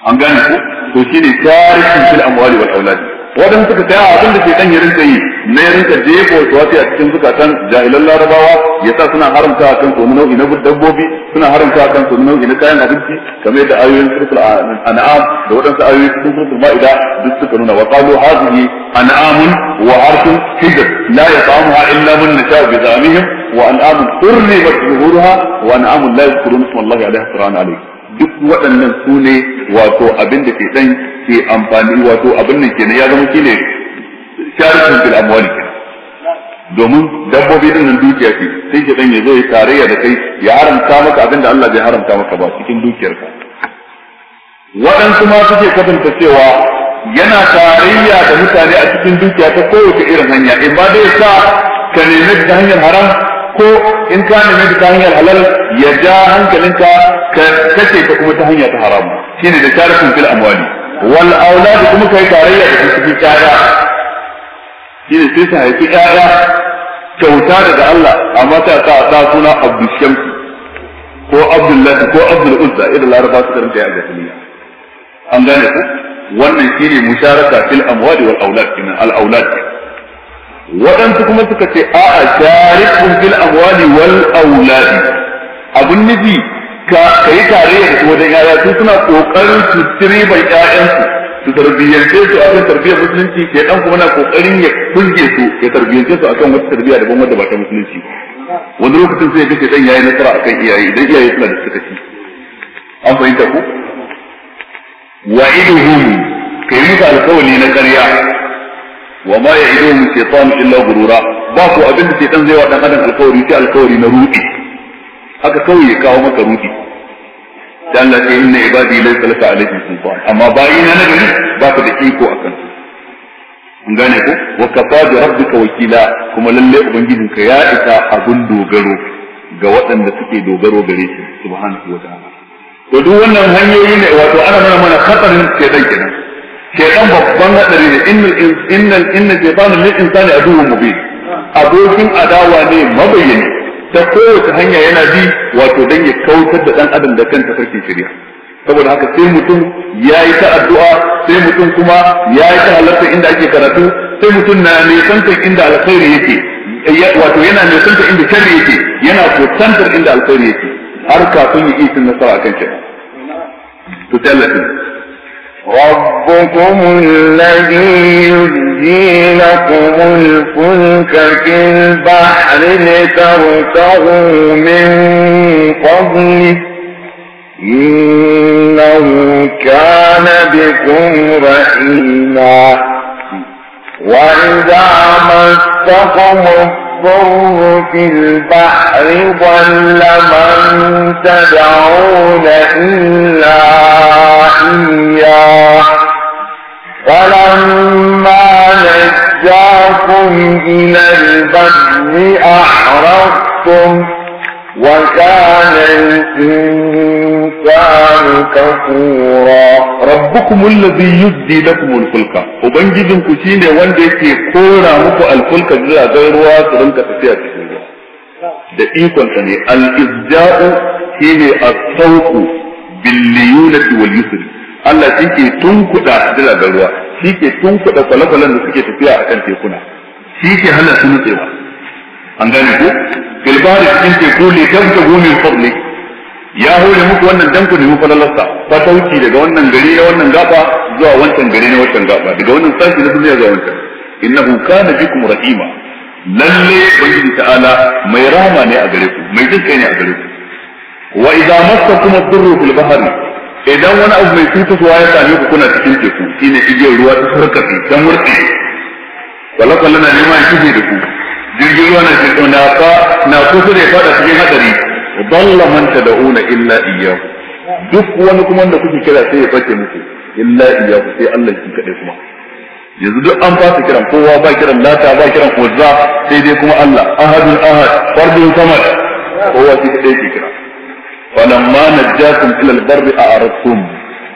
an gane ku to shine tarikin fil amwali wal auladi wadan suka tsaya abin da shaitan ya rinka yi na ya rinka jefo wasu a cikin zukatan jahilan larabawa ya sa suna haramta kan su nau'i na dabbobi suna haramta kan su nau'i na kayan abinci kamar da ayoyin surful an'am da wadansu ayoyi cikin surful ma'ida duk suka nuna wa qalu hadhihi an'amun wa harfun hijr la yat'amuha illa man nasha bi zamihim wa an'amun hurrimat zuhuruha wa an'amun la yadhkuruna isma allahi alaiha sirran alayhi duk waɗannan su ne wato abin da ke dan ke amfani wato abin nan kenan ya zama shine sharatun fil amwali domin dabbobi din nan dukiya ce sai ke dan ya zo ya tarayya da kai ya haramta maka abin da Allah bai haramta maka ba cikin dukiyarka waɗansu ma suke kwatanta cewa yana tarayya da mutane a cikin dukiya ta kowace irin hanya in ba dai sa ka nemi ta hanyar haram ko in ka nemi ta hanyar halal ya ja hankalinka ka kace ta kuma ta hanya ta haram shine da sharatun fil amwali wal aulad kuma kai tarayya da su cikin ƴaƴa shi ne sai su haifi ƴaƴa kyauta daga Allah amma ta sa ta suna Abdul Shams ko Abdullahi ko Abdul Uzza irin Laraba su karanta ya jahiliya an gane ku wannan shine musharaka fil amwali wal aulad kin al aulad waɗansu kuma suka ce a'a sharikun fil amwali wal aulad abun nufi ka kai tare da su wajen yaya su suna kokarin su riban ƴaƴansu su tarbiyyance su akan tarbiyyar musulunci ke dan kuma na kokarin ya kunge su ya tarbiyyance su akan wata tarbiyya daban wanda ba ta musulunci wani lokacin sai ya kace dan yayi nasara akan iyaye idan iyaye suna da sakaci an fahimta ku wa'iduhum kai muka alƙawari na ƙarya wa ma ya'iduhum shaytan illa gurura ba ku abin da ɗan zai wa dan adam alƙawari sai alƙawari na ruɗi haka kawai ya kawo maka rudi da Allah ce inna ibadi laysa laka alaihim sultan amma bayina na gari ba ka da iko akan su an gane ko wa kafa bi rabbika wakila kuma lalle ubangijinka ya isa abun dogaro ga waɗanda suke dogaro gare shi subhanahu wa ta'ala to duk wannan hanyoyi ne wato ana nuna mana khatarin shedan kenan shedan babban hadari ne innal innal inna shaytanu lil insani aduwwun mubin abokin adawa ne mabayyani ta kowace hanya yana bi wato don ya kautar da dan adam da kan sarki shirya saboda haka sai mutum ya yi ta addu'a sai mutum kuma ya yi ta halarta inda ake karatu sai mutum na nisantar inda alkhairi yake wato yana nisantar inda sharri yake yana kusantar inda alkhairi yake har kafin ya iya nasara a kan to ربكم الذي يجزي لكم الفلك في البحر لترتغوا من قبله إنه كان بكم رحيما وإذا مسكم الضر في البحر ضل من تدعون إلا من البر أحرقتم وكان الإنسان كفورا ربكم الذي يدي لكم الفلك وبنجي من كشين وندي في كورا مكو الفلك جزا دوروا سرن كتسيا تسيا ده إيكون تاني الإزجاء هي الصوت بالليونة واليسر الله تنكي تنكو تاسدلا دوروا تنكي تنكو تاسدلا دوروا تنكي تنكو تاسدلا دوروا shi ke hana su nutsewa an gane ku bilbari cikin teku ne dan ta gumi fadli ya hore muku wannan dan ku nemi falalarsa ta tauci daga wannan gari na wannan gaba zuwa wancan gari na wancan gaba daga wannan sashi na duniya zuwa wancan innahu kana bikum rahima lalle ubangiji ta'ala mai rama ne a gare ku mai jinka ne a gare ku wa idza massakum ad-durru fil bahri idan wani abu mai cutarwa ya same ku kuna cikin teku shine igiyar ruwa ta sarkafi dan murtsi walakal na neman kifi da ku jirgin ruwa na jirgin na ka na kusa da ya fada cikin hadari dalla man tad'una illa iyyahu duk wani kuma da kuke kira sai ya fake muku illa iyyahu sai Allah ki kadai kuma yanzu duk an fasa kiran kowa ba kiran lata ba kiran uzza sai dai kuma Allah ahadun ahad fardun samad kowa shi kadai ke kira falamma najjakum ila albarri a'radtum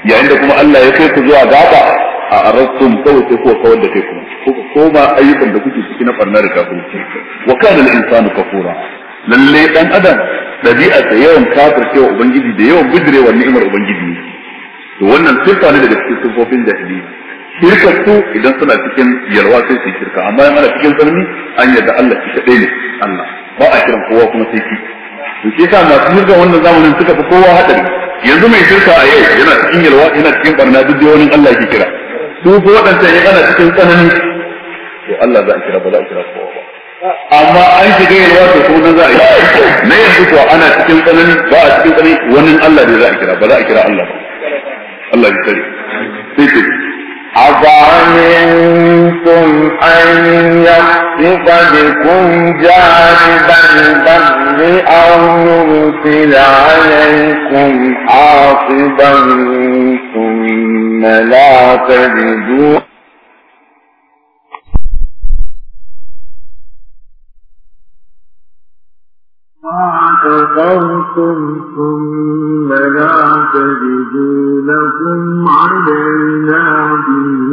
ya da kuma Allah ya kai ku zuwa gaba a arabtum kawai sai kuwa kawar da kai kuma Ko koma ayyukan da kuke ciki na barna da kafirci wa kana al-insanu kafura lalle dan adam dabi'a ta yawan cewa ubangiji da yawan bidirewa ni'imar ubangiji to wannan sirka ne daga cikin sifofin jahiliya shirkar su idan suna cikin yalwa sai su shirka amma yana cikin tsanani an yarda Allah shi kadai ne Allah ba a kiran kowa kuma sai ki to shi yasa masu shirka wannan zamanin suka fi kowa hadari yanzu mai shirka a yau yana cikin yalwa yana cikin barna duk wani Allah ke kira su ko waɗancan ya ana cikin tsanani to Allah za a kira ba za a kira kowa ba amma an shiga yalwa to ko za a yi na yanzu ko ana cikin tsanani ba a cikin tsanani wannan Allah ne za a kira ba za a kira Allah ba Allah ya tsare sai ce أفأمنتم أن يخسف بكم جانب البر أو يرسل عليكم حاصبا ثم لا تجدون فاعتقرتم ثم لا تجدوا لكم علينا به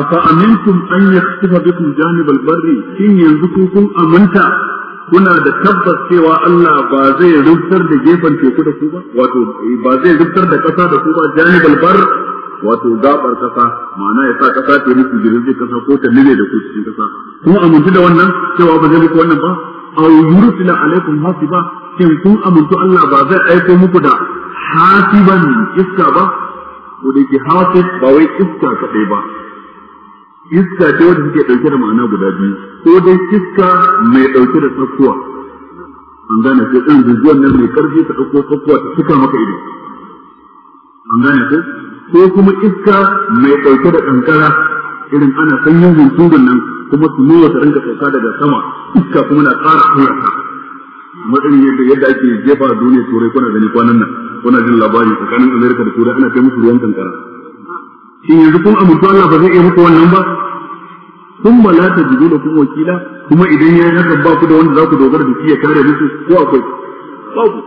أفأمنتم أن يخسف بكم جانب البر إن ينزكوكم أمنتا kuna da tabbas cewa Allah ba zai في da gefen teku da ku ba wato ba zai da da ba bar wato gabar kasa ma'ana ya sa kasa ta rufe jirgin kasa ko ta da kasa da wannan cewa ba zai muku wannan ba aw yursila alaikum hasiba kin kun amintu Allah ba zai aiko muku da hasiban iska ba ko da ke hasib ba wai iska kadai ba iska ce wanda take dauke da ma'ana guda biyu ko dai iska mai dauke da tsakkuwa an gane ko ɗan zuzuwan nan mai karfi ta dauko tsakkuwa ta cika maka ido an gane ko ko kuma iska mai dauke da kankara irin ana sanyin hunsugun nan kuma tunuwa ta rinka sauka daga sama iska kuma na ƙara tura ta matsayin yadda yadda ake jefa duniya turai kuna gani kwanan nan kuna jin labari tsakanin amerika da turai ana kai musu ruwan kankara shin yanzu kun amintu Allah ba zai iya muku wannan ba kun ba la ta jibi da kun wakila kuma idan ya yi haka ba ku da wanda za ku dogara da shi ya kare musu ko akwai babu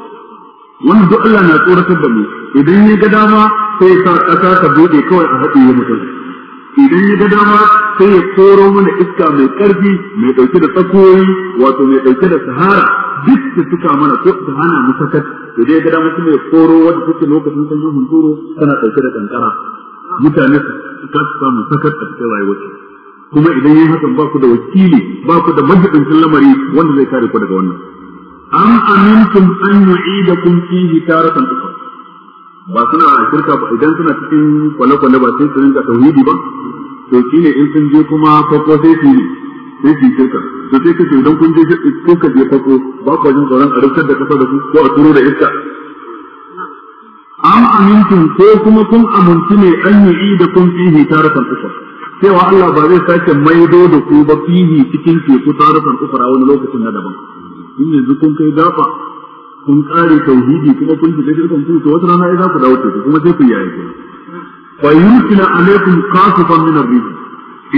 Wani duk Allah na tsoratar da mu idan ya ga dama sai ya sa ƙasa ta bude kawai a haɗe mutum idan ya ga dama sai ya koro mana iska mai karfi mai dauke da tsakoyi wato mai dauke da sahara duk da suka mana ko da hana mu sakat idan ya ga dama sai ya koro wanda suke lokacin sanyin hunturu tana dauke da kankara mutane su ta samu sakat a cikin rayuwar kuma idan yin hakan ba ku da wakili ba ku da majibincin lamari wanda zai kare ku daga wannan am amintum an yu'idakum fihi taratan ukhra ba suna shirka ba idan suna cikin kwale-kwale ba sai su rinka tauhidi ba to ne in sun je kuma farko sai su sai su shirka to sai kace idan kun je shirka je farko ba ku jin tsoron a rufar da kasa da su, ko a turo da iska am amintum ko kuma kun amintu ne an yi da kun fihi kan kusa cewa Allah ba zai sake maido da ku ba fihi cikin teku kusa a wani lokacin na daban in yanzu kun kai gafa kun kare tauhidi kuma kun shiga shirkan ku to wata rana ya za ku dawo teku kuma sai ku yi ayyuka wa yursila alaikum qasifan min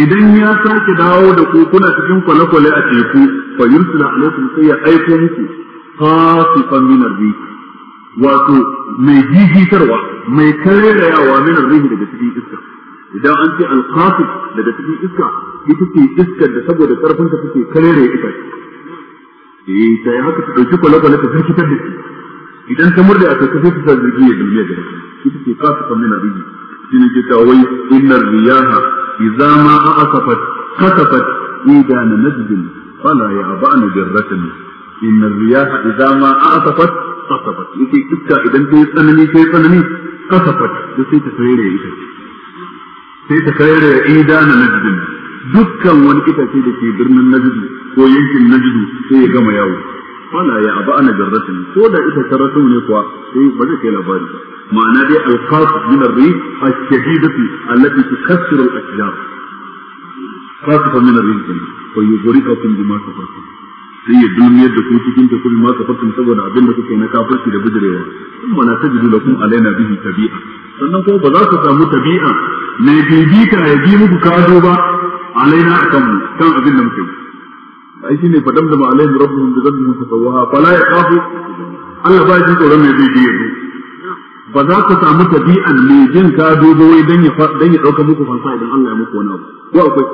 idan ya sake dawo da ku kuna cikin kwale-kwale a teku fa yursila alaikum sai ya aiko muku qasifan min ar-rih wato mai jijitarwa mai karerayawa min ar-rih daga cikin iska idan an ce al-qasif daga cikin iska ita ce iskar da saboda karfin ta take karere ita eh sai haka ta dauki kwale-kwale ta sarkitar da idan ta murda a kai sai ta zargi ya duniya da ita ce qasifan min ar-rih shi ne ke tawai innar riyaha idza ma asafat kasafat idan najdin fala ya'ban birratin innar riyaha idza ma asafat kasafat yake iska idan ta tsanani sai tsanani kasafat da sai ta tsere ita sai ta tsere idan najdin dukkan wani itace da ke birnin najdu ko yankin najdu sai ya gama yawo fala ya aba ana jarratin ko da ita karratun ne kuwa sai ba zai kai labari ma'ana dai alqasu min ar-rih ash-shadidati allati tukassiru al-ashjar qasfa min ar-rih wa yughriqukum bima kafartum sai ya duniyar da ku cikin ta kuma ka fakin saboda abin da kuke na kafirci da bijirewa kuma na tajidu lakum alaina bihi tabi'a sannan ko ba za ku samu tabi'a mai bibita ya bi muku kado ba alaina akan kan abin da muke yi ai shine fadam da ma'alaihim rabbuhum bi dhanbihim fasawaha fala yaqafu Allah ba shi tsoron mai zai biye su ba za ka samu tabi'an mai jin ka dogo wai dan ya dan ya dauka muku fansa idan Allah ya muku wani abu ko akwai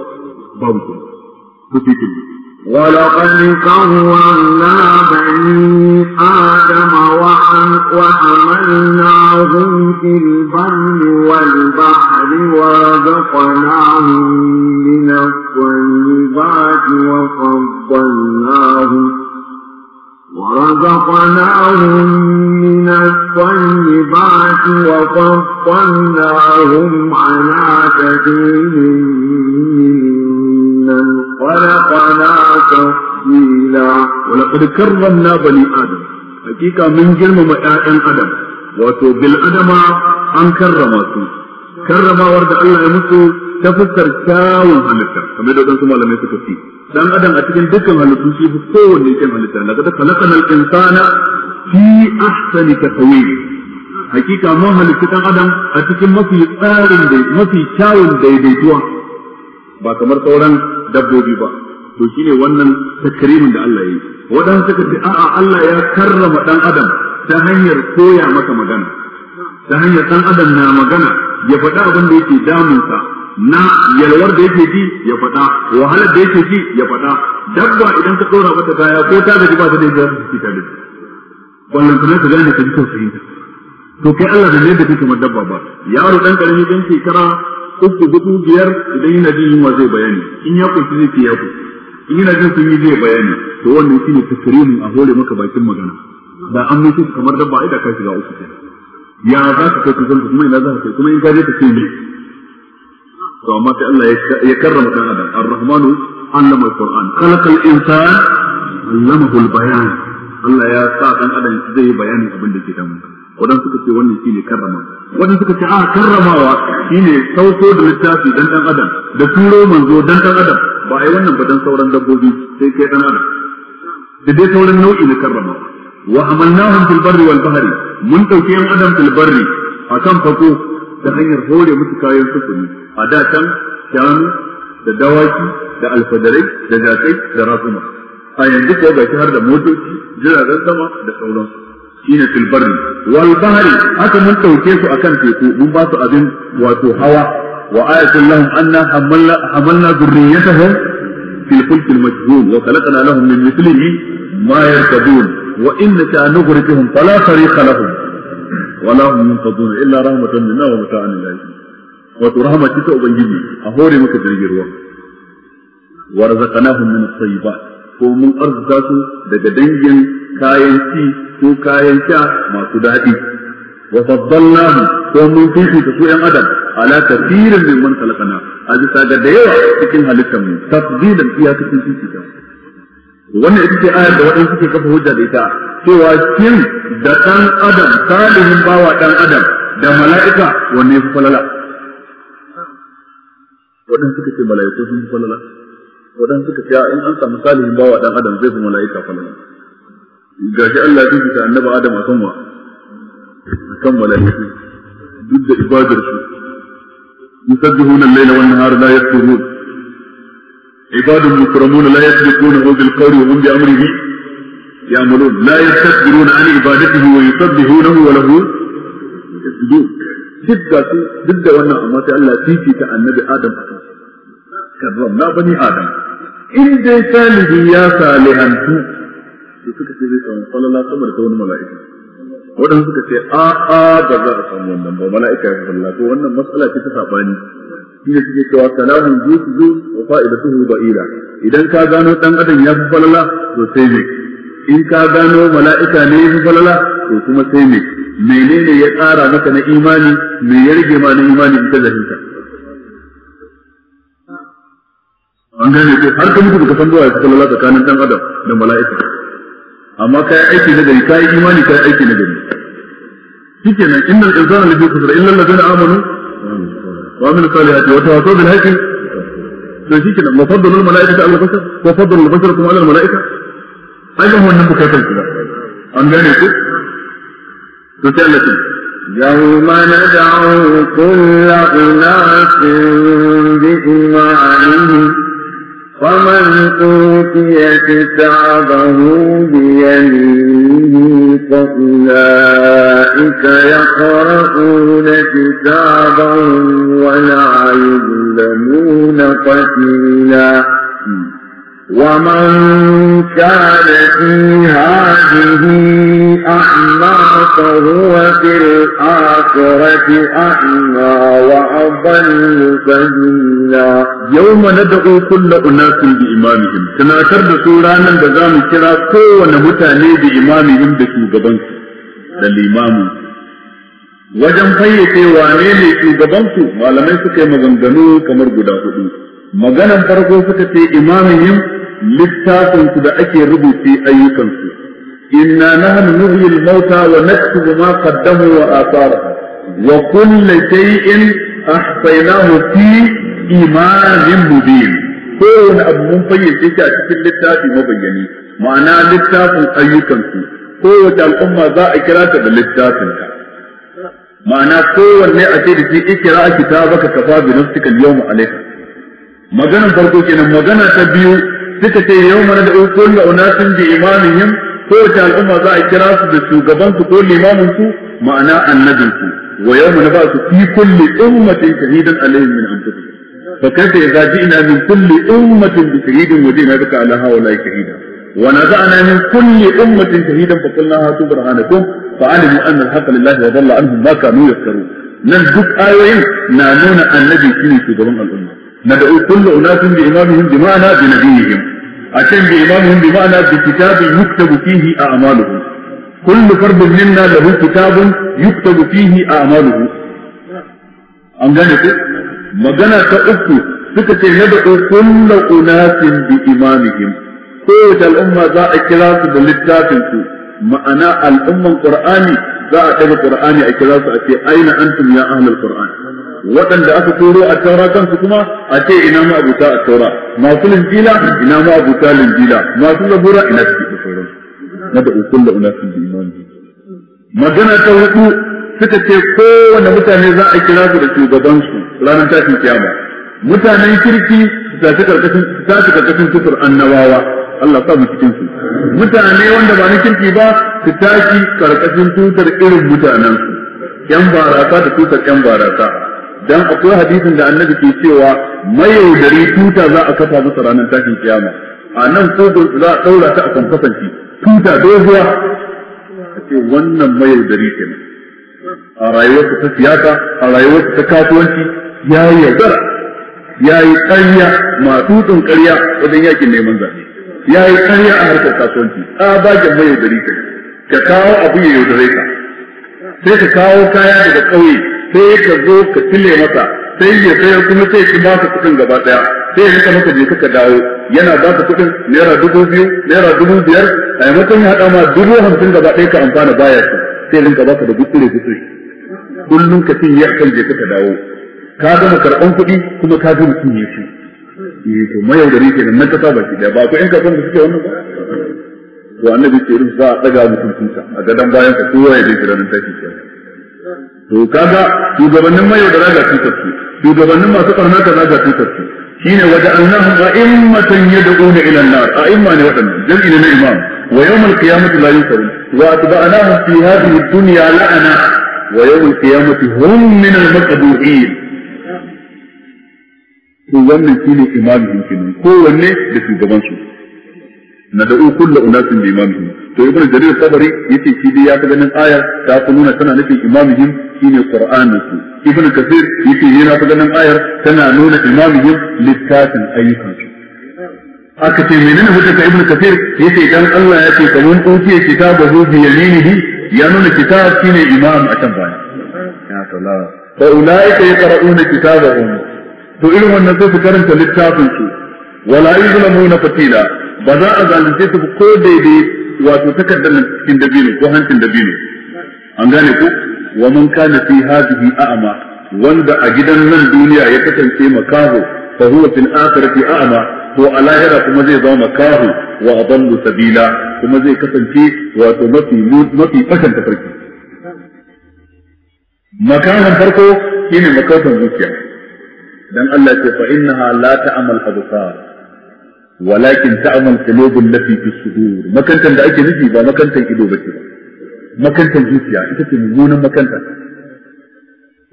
babu ku ku ولقد كرمنا بني آدم وحملناهم في البر والبحر ورزقناهم من الطيبات وفضلناهم ورزقناهم من الطيبات وفضلناهم على كثير من خلقنا تفضيلا ولقد كرمنا بني آدم حقيقة من جرم ما آدم آدم وتو بالأدم أن كرماتو كرم ورد الله يمسو تفسر كاون هلتا كما يدعو أنتم على ميسو تفسير dan adam a cikin dukkan halittu shi fi kowanne kyan halitta na kada khalaqana al-insana fi ahsani tasawir hakika mun halitta dan adam a cikin mafi tsarin mafi kyawun daidaituwa ba kamar sauran dabbobi ba to shine wannan takrimin da Allah ya yi wadan suka ce a'a Allah ya karrama dan adam ta hanyar koya masa magana ta hanyar dan adam na magana ya faɗa abin da yake damunsa na yalwar da yake ji ya faɗa wahalar da yake ji ya faɗa dabba idan ka ɗora mata baya ko ta gaji ba ta da yadda ta ta da wannan kuma ta gane ka ji tausayin ta to kai Allah da ne da kake kamar dabba ba yaro dan karami dan shekara uku hudu biyar idan yana jin yunwa zai bayani in ya kunci zai fiye ku in yana jin sun yi zai bayani to wannan ne tasrimin a hore maka bakin magana da an mutu kamar dabba ai da ka shiga uku ke ya za ka kai kusan kuma ina za ka kai kuma in ka je ka ce ne to amma sai Allah ya karrama dan adam ar-rahmanu allama al-qur'an khalaqal insana allamahu al-bayan Allah ya sa dan adam zai bayani abin da ke damunsa wadan suka ce wannan shi ne karrama wadan suka ce a karramawa shi ne sauko da littafi dan dan adam da turo manzo dan dan adam ba ai wannan ba dan sauran dabbobi sai kai dan adam da dai sauran nau'i na karrama wa amalnahum fil barri wal bahri mun dauke yan adam fil barri kan fako da hanyar hore musu kayan sufuri a da can shanu da dawaki da alfadarai da jatai da rafuma a yanzu ko ga har da motoci jiragen sama da sauransu shine fil wal bahri haka mun dauke su akan teku mun ba su abin wato hawa wa ayatul lahum anna hamalna hamalna fil majhul wa khalaqna lahum min mithlihi ma yarkabun wa ka fala tariqa lahum wa illa rahmatan minna wa mata'an ilayhi ta ubangiji a hore maka jirgin wa razaqnahum min at-tayyibat ko mun arzuka su daga dangin kayan ci ko kayan sha masu daɗi wa faddalnahu ko mun fifita su ƴan adam ala kafirin min man talakana a bisa ga da yawa cikin halittar mu tafdilan iyakacin ta wannan ita ce ayar da waɗansu suke kafa hujja da ita cewa kin da ɗan adam salihin bawa ɗan adam da mala'ika wanne ya fi falala waɗansu suka ce mala'iku sun fi falala waɗansu suka ce in an samu salihin bawa ɗan adam zai fi mala'ika falala ga shi Allah ya fita annabi Adam a kanwa kan malaiku duk da ibadar su yusabbihuna al-layla wan nahara la yafturun ibadun mukramuna la yasbiquna bil qawli wa hum bi amrihi يعملون لا يستكبرون عن عبادته ويسبحونه وله يسجدون duk da su duk da wannan amma sai Allah ya ta annabi Adam a kansu karram na bani Adam in dai salihi ya salihantu mala'iku suka ce zai samu falala sama da wani mala'ika waɗanda suka ce a a da za a samu wannan ba mala'ika ya falala to wannan matsala ce ta sabani shi ne suke cewa salamun zuzu zu wa ba ba'ira idan ka gano ɗan adam ya fi falala to sai ne in ka gano mala'ika ne ya fi falala to kuma sai ne menene ya ƙara maka na imani me ya rage ma na imani in ta zahinta an gane ko har ka mutu da kasan zuwa ya fi falala tsakanin dan adam da mala'ika amma ka yi aiki na gari ka yi imani ka yi aiki na gari shike nan inna al-insana lafi khusra illa alladhina amanu wa amilu salihati wa tawassaw bil haqqi to shike nan mafaddalu al-mala'ikata ala al-bashar wa faddalu al-bashar kuma ala al-mala'ika ajin wannan bukatar kula an gane ku to sai Allah ya يوم ندعو كل أناس بإمامهم ومن أوتي كتابه بيمينه فأولئك يقرؤون كتابهم ولا يظلمون قتيلا ومن كان في هذه أعمى فهو في الآخرة أعمى وأضل سبيلا يوم ندعو كل أناس بإمامهم تناشر سورانا بزام كرا كو متاني بإمامهم بسو قبنك للإمام وجم fayyace wane ne قبنك ما لم يسكي maganganu كمر guda hudu maganan farko suka ce imamin yin Littafinsu da ake rubuce ayyukansu. Ina inna nahnu nuhyi al-mauta wa naktubu ma qaddamu wa athara wa kullu shay'in ahsaynahu fi imanin mubin kowane abu mun fayyace shi a cikin littafi mabayyani ma'ana littafin ayyukansu. su kowace al'umma za a kira ta da littafinka. ma'ana kowanne a ce da shi ikira kitabaka kafa bi nafsika al-yawma alayka maganar farko kenan magana ta biyu suka ce yau mana da ukun da unatin bi imanihim kowace al'umma za a kira su da shugaban su ko limamin su ma'ana annabin su wa yau mana ba su fi kulli ummatin shahidan alaihim min anfusihim fa kaifa idza ji'na min kulli ummatin bi shahidin wa ji'na bika ala haula shahida wa naza'na min kulli ummatin shahidan fa qulna hatu burhanakum fa alimu anna al-haqqa lillahi wa dhalla anhum ma kanu yaftarun nan duk ayoyin na nuna annabi shine shugaban al'umma ندعو كل اناس بامامهم بمعنى بنبيهم عشان بامامهم بمعنى بكتاب يكتب فيه اعماله كل فرد منا له كتاب يكتب فيه اعماله ان جانت مغنى تأكد سكت ندعو كل اناس بامامهم قوت الامة ذا اكلاس باللتاكن معنى الامة القرآني ذا اكلاس القرآن اكلاس اكلاس اين انتم يا اهل القرآن waɗanda aka koro a taura kansu kuma a ce ina ma abuta a taura masu linjila ina ma abuta linjila masu labura ina suke da sauran na da ukun da unasun da imani magana ta hudu suka ce kowane mutane za a kira su da shugabansu ranar tashin kiyama mutanen kirki su tafi karkashin sufur annabawa Allah sa mu cikin su mutane wanda ba na kirki ba su tashi karkashin tutar irin mutanen su yan baraka da tutar yan baraka. dan akwai hadisin da annabi ke cewa mayaudari tuta za a kafa masa ranar tashin kiyama a nan ko za a daura ta a kan kasance tuta dozuwa a ce wannan mayaudari kenan a rayuwarsa ta siyasa a rayuwarsa ta kasuwanci ya yi yaudara ya yi ƙarya tutun ƙarya wajen yakin neman zaɓe ya yi ƙarya a harkar kasuwanci mai mayaudari ke ka kawo abu ya yaudare ka sai ka kawo kaya daga ƙauye sai ka zo ka tile masa sai ya sayar kuma sai ki ba ka kudin gaba daya sai ya rika maka je ka dawo yana ba ka kudin naira dubu biyu naira dubu biyar a maimakon ya haɗa ma dubu hamsin gaba daya ka amfana baya ka sai rinka ba ka da gutsure gutsure kullum ka ya kan je ka dawo ka gama karɓan kuɗi kuma ka gama cinye eh to mayaudari nan na kasa ki da ba ku ƴan kasan da suke wannan ba to annabi ce irin za a ɗaga mutum a gadan bayan ka kowa ya je ranar ke kenan to kaga shugabannin mayaudara ga cutar su shugabannin masu barna kaza ga cutar su shine wa ja'alnahum a'immatan yad'una ila an-nar a'imma ne wadannan jami'i na imam wa yawm al-qiyamati la yunsarun wa atba'nahum fi hadhihi ad-dunya la'ana wa yawm al-qiyamati hum min al-maqbuhin to wannan shine imamin kenan kowanne da shugabansu. su na da'u kulla unasin bi imamihim to ibnu jarir sabari yace shi dai ya ga ganin aya ta fi nuna tana nufin imamihim shine qur'anin su ibnu kasir yace yana ta ganin ayar tana nuna imamihim littafin ayyukan su aka ce menene hujjata Ibn kasir yace dan Allah ya ce kamun utiya kitabahu bi yaminihi ya nuna kitab shine imam a can baya ya sala fa ulaika yaqra'una kitabahum to irin wannan sai su karanta littafin su wala na fatila ba za a zalunce su ko daidai wato takardar nan cikin dabino ko hancin dabino an gane ko wa man kana fi hadhihi a'ma wanda a gidan nan duniya ya kasance makaho fa huwa fil akhirati a'ma to a lahira kuma zai zama makaho wa adallu sabila kuma zai kasance wato mafi mafi tafarki makahan farko shine makautan zuciya dan Allah ce fa innaha la ta'mal absar walakin ta'amal qulubul lati fi sudur makantan da ake nufi ba makantan ido bace ba makantan zuciya ita ce mummunan makanta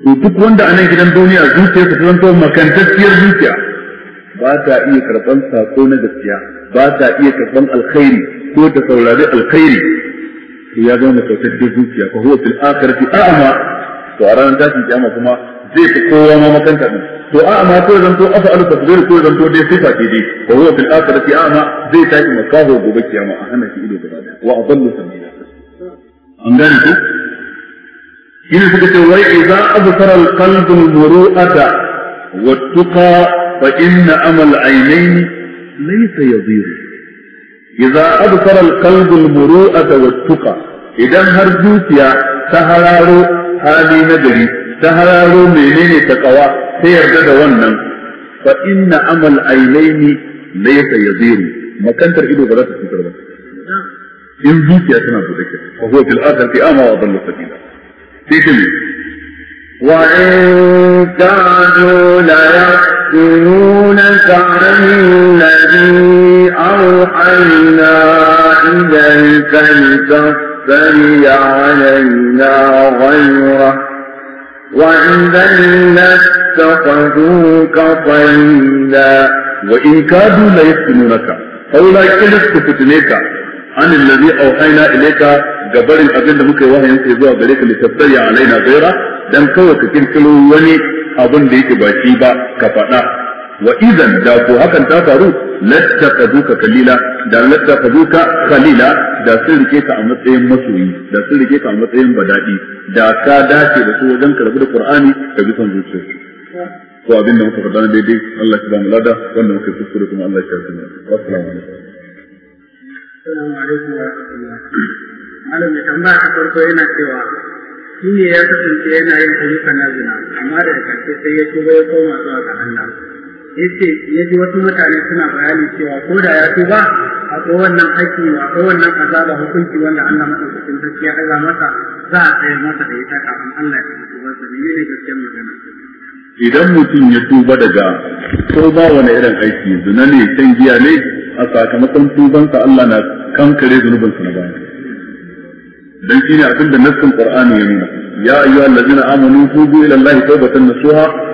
to duk wanda a nan gidan duniya zuciyarsa ta zanto makantacciyar zuciya ba ta iya karban sako na gaskiya ba ta iya karban alkhairi ko ta saurari alkhairi to ya zama makantacciyar zuciya fa huwa fil akhirati a'ma to a ranar tashin kiyama kuma zai fi kowa makanta to a'ma ko zanto af'alu tadbir ko zanto dai sifa ce dai wa huwa fil akhirati a'ma zai tashi makaho gobe kiyama a hana shi ido gaba da wa adallu sabila an gane ko yin suka ce wai idza absara al qalbu al muru'ata wa tuqa fa inna amal aynayn laysa yadhiru idza absara al qalbu al muru'ata wa tuqa idan har zuciya ta hararo hali na gari ta hararo menene ta takawa ta yarda da wannan fa inna amal ainaini laysa yaziru makantar ido ba za ta cutar ba in zuciya tana buɗe ke fa huwa fil akhirati ama wa dalla sabila sai shi وإن كادوا ليفتنونك عن الذي أوحينا إليك لتفتري علينا غيره وإذا لاتخذوك خليلا وإن كادوا ليفتنونك فولا كذب تفتنيك عن الذي أوحينا إليك gabarin abin da muka yi wahayin sai zuwa gare ka littattafai alaina gaira dan kawai ka kirkiro wani abun da yake ba shi ba ka faɗa wa idan da ko hakan ta faru lattaqaduka kalila da lattaqaduka kalila da sun rike ka a matsayin masoyi da sun rike ka a matsayin badadi da ka dace da su wajen karbi da Qur'ani ka bi son zuciyarsu to abin da muka faɗa daidai Allah ya ba mu lada wanda muka kuskure kuma Allah ya tsare mu assalamu alaikum assalamu alaikum wa rahmatullah malam ya tambaya a farko yana cewa shi ne ya kasance yana yin ayyukan nazina amma da ƙarshe sai ya tuba ya koma zuwa ga Allah yace yaji wasu mutane suna bayani cewa ko da ya tuba akwai wannan haƙƙi akwai wannan azaba hukunci wanda Allah madaukakin sarki ya aza masa za a tsayar masa da ita kafin Allah ya tuba sa ne ne gaskiyar magana idan mutum ya tuba daga ko ba wani irin aiki zina ne shan giya ne a sakamakon tubansa Allah na kankare zunubinsa na baya dan shine abin da nassin Qur'ani ya nuna ya ayyuhallazina amanu tubu ila Allahi tawbatan nasuha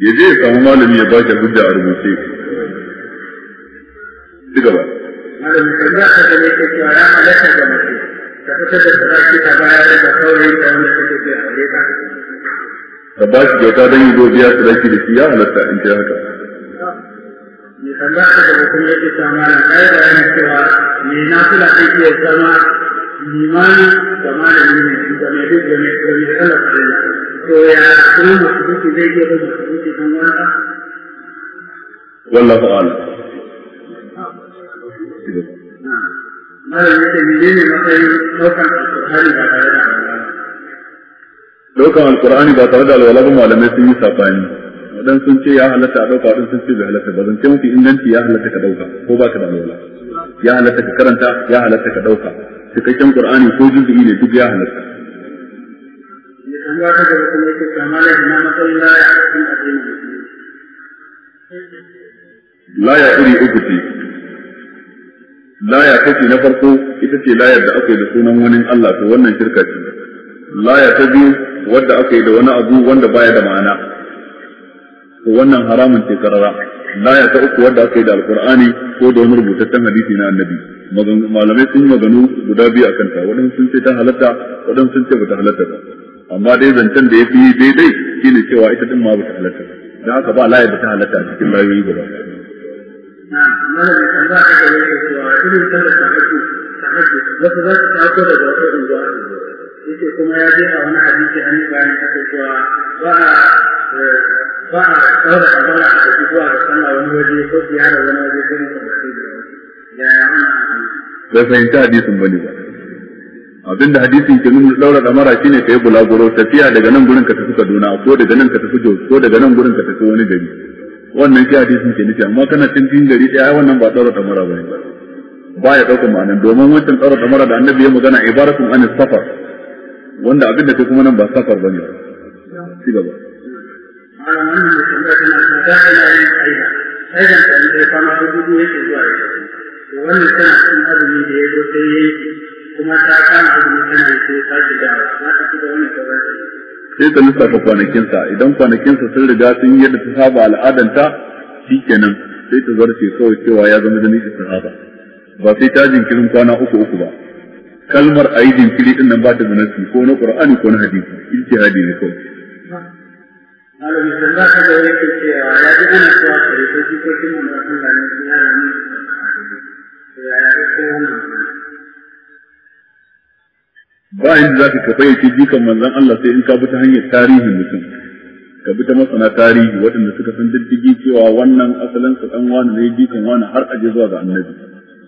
ya je ya samu malami ya baki hujja a rubuce ci gaba da ka ba shi kyauta don yi godiya su da shi ya halatta in ce haka. Mai tambaya da mutum yake na ɗaya da yana cewa me na fila aiki ya zama imanin da malamin ne da mai duk da mai da mai kalar da to ya kuma musulunci zai iya ba musulunci kan wata wallahu a'lam malamin da ne ne matsayin ɗaukar alƙur'ani ba tare da ɗaukar alƙur'ani ba tare da alwala ba malamai sun yi sabani wadan sun ce ya halatta a ɗauka wadan sun ce bai halatta ba zance mafi inganci ya halatta ka ɗauka ko ba ka da alwala ya halatta ka karanta ya halatta ka ɗauka cikakken ƙur'ani, ko juzu'i ne duk ya halatta laya iri uku ce laya kashi na farko ita ce layar da aka yi da sunan wani Allah to wannan shirka ce laya ta biyu wadda aka yi da wani abu wanda baya da ma'ana Ko wannan haramun ce karara laya ta uku wanda aka yi da alqur'ani ko da wani rubutaccen hadisi na annabi malamai sun maganu guda biyu akan ta waɗansu sun ce ta halatta waɗansu sun ce ba ta halatta ba amma dai zancen da ya fi daidai shine cewa ita din ma ba bata halatta dan haka ba laya ta halatta a cikin layoyi gaba na'am yake kuma ya je a wani hadisi an yi bayan ake cewa ba a eh, ba a tsara a zauna a tafi zuwa da sallah wani waje ko siya da wani waje ko nufin da kai da wani yaya wannan bai hannu. hadisin ne ba abinda hadisin ke nuna daura damara shine kai bulaguro tafiya daga nan gurin ka tafi Kaduna ko daga nan ka tafi Jos ko daga nan gurin ka tafi wani gari wannan shi hadisin ke nufi amma kana cin din gari sai wannan ba daura damara bane ba ya dauka ma'anan domin wancan daura damara da annabi ya magana ibaratun anis safar wanda abin da kai kuma nan ba safar ba ne ci gaba wannan azumi da ya zo sai kuma ta kama da ta shiga sai ta lissafa kwanakinsa idan kwanakinsa sun riga sun yi yadda ta saba al'adanta kenan sai ta zarce kawai cewa ya zama jinin istihaba ba sai ta jinkirin kwana uku uku ba kalmar a yi jinkiri din nan ba ta munasi ko na qur'ani ko na hadisi ijtihadi ne kawai malam sallallahu alaihi wa yake cewa ya ji ana cewa sai ko ji ko kin mun Allah ne ya rani ya ya ko ba inda zaka kafa yake jikan manzon Allah sai in ka bi ta hanyar tarihin mutum ka bi ta masana tarihi waɗanda suka san diddigi cewa wannan asalin su dan wani ne jikan wani har aje zuwa ga annabi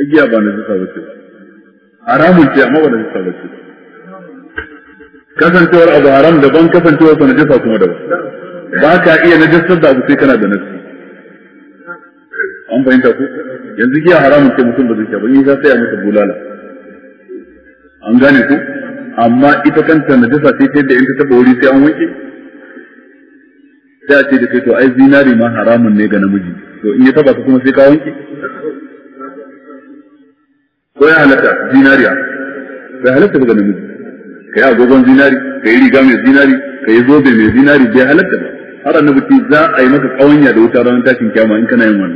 agiya ba na zuka bace ba haramun ce amma ba na zuka bace kasancewar abu haram daban kasancewar na jasa kuma daban ba ka iya na najasar da abu sai kana da nasi an fahimta ku yanzu giya haramun ce mutum ba zai ba yi za sai a masa bulala an gane ku amma ita kanta na jasa sai ta da yanta taba wuri sai an wanke sai a ce da sai to ai zinari ma haramun ne ga namiji to in ya taba ka kuma sai ka wanke ko ya halatta zinariya bai halatta daga namiji ka yi agogon zinari ka yi riga mai zinari ka yi zobe mai zinari bai halatta ba har annabi za a yi maka kawanya da wuta ranar tashin kyama in kana yin wannan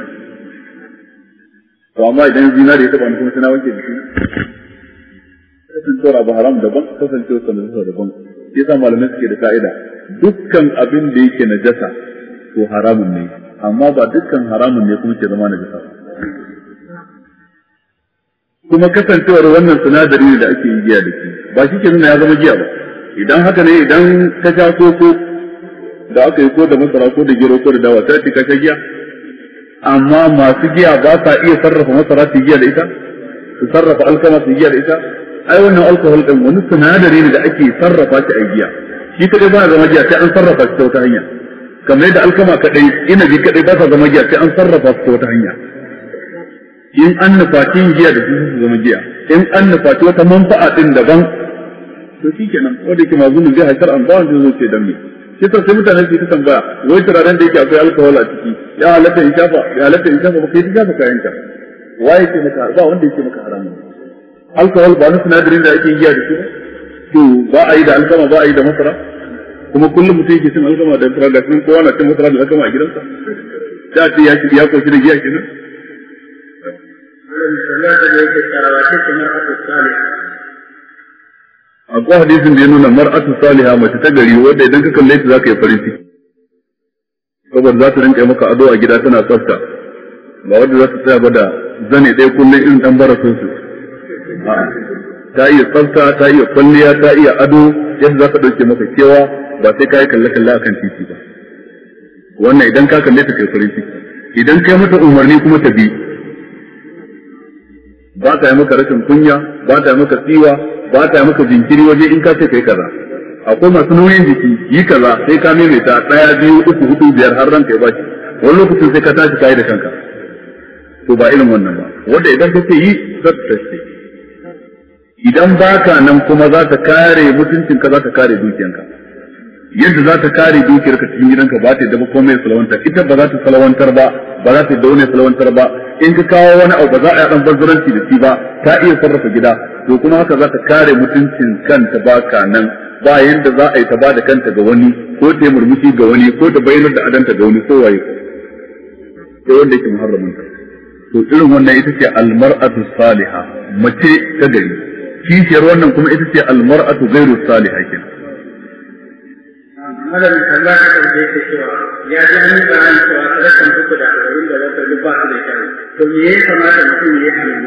to amma idan zinari ya taba mutum suna wanke jiki kasancewar abu haram daban kasancewar sanarwa daban ya sa malamai suke da ka'ida dukkan abin da yake najasa to haramun ne amma ba dukkan haramun ne kuma ke zama najasa kuma kasancewar wannan sinadari ne da ake yi giya da shi ba shi ke nuna ya zama giya ba idan haka ne idan ka sha koko da aka yi ko da masara ko da gero ko da dawa sai ce ka sha giya amma masu giya ba sa iya sarrafa masara su giya da ita su sarrafa alkama su giya da ita ai wannan alkohol din wani sinadari ne da ake sarrafa shi a giya shi ta kadai ba zama giya sai an sarrafa shi ta wata hanya kamar yadda alkama kadai inabi kadai ba sa zama giya sai an sarrafa shi ta wata hanya in an nufaci yin giya da su su zama giya in an nufaci wata manfa'a din daban to shi kenan wanda yake mazumin zai haifar an bawan zai zo ce dan me shi sai mutane su ta tambaya wai turaren da yake akwai alkohol a ciki ya halatta in shafa ya halatta in shafa ba kai shafa kayan ka waye ke maka ba wanda yake maka haramun alkohol ba na sinadarin da ake giya da shi to ba a yi da alkama ba a yi da masara kuma kullum mutum yake cin alkama da masara da kuma kowa na cin masara da alkama a gidansa da ce ya ya koshi da giya kenan akwai hadisin da ya nuna mar'atu saliha mace ta gari wadda idan ka kalle ta zaka yi farin ciki saboda za ta rinka maka ado a gida tana tsafta ba wadda za ta tsaya ba da zane ɗaya kullum irin bara sun su ta iya tsafta ta iya kwalliya ta iya ado yadda za ka ɗauke maka kewa ba sai ka yi kalle-kalle a kan titi ba wannan idan ka kalle ta kai farin ciki idan kai mata umarni kuma ta bi ba ta yi maka rashin kunya ba ta yi maka tsiwa ba ta yi maka jinkiri waje in ka ce kai kaza akwai masu nauyin jiki yi kaza sai ka ta ɗaya biyu uku hudu biyar har ranka ya bashi wani lokacin sai ka tashi kai da kanka to ba irin wannan ba wanda idan ka ce yi za ta ce idan baka nan kuma za ka kare mutuncinka za ka kare dukiyanka yadda za ta kare dukiyar ka cikin gidanka ba ta dafa ba komai salawantar ita ba za ta salawantar ba ba za ta yi wani salawantar ba in ka kawo wani abu ba za a yi dan bazaranci da shi ba ta iya sarrafa gida to kuma haka za ta kare mutuncin kanta ba ka nan ba yadda za a yi ta ba da kanta ga wani ko ta yi murmushi ga wani ko ta bayyana da adanta ga wani ko waye ko wanda yake muharramin ka to irin wannan ita ce almar'atu salihah mace ta gari kishiyar wannan kuma ita ce almar'atu ghairu salihah kenan madadin kalla ka ɗauke cewa ya ji hannun bayan cewa uku da arba'in da duk ba su da kyau to me ya kamata mutum ya yi hannun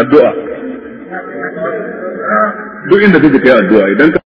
addu'a duk inda kake kai addu'a idan ka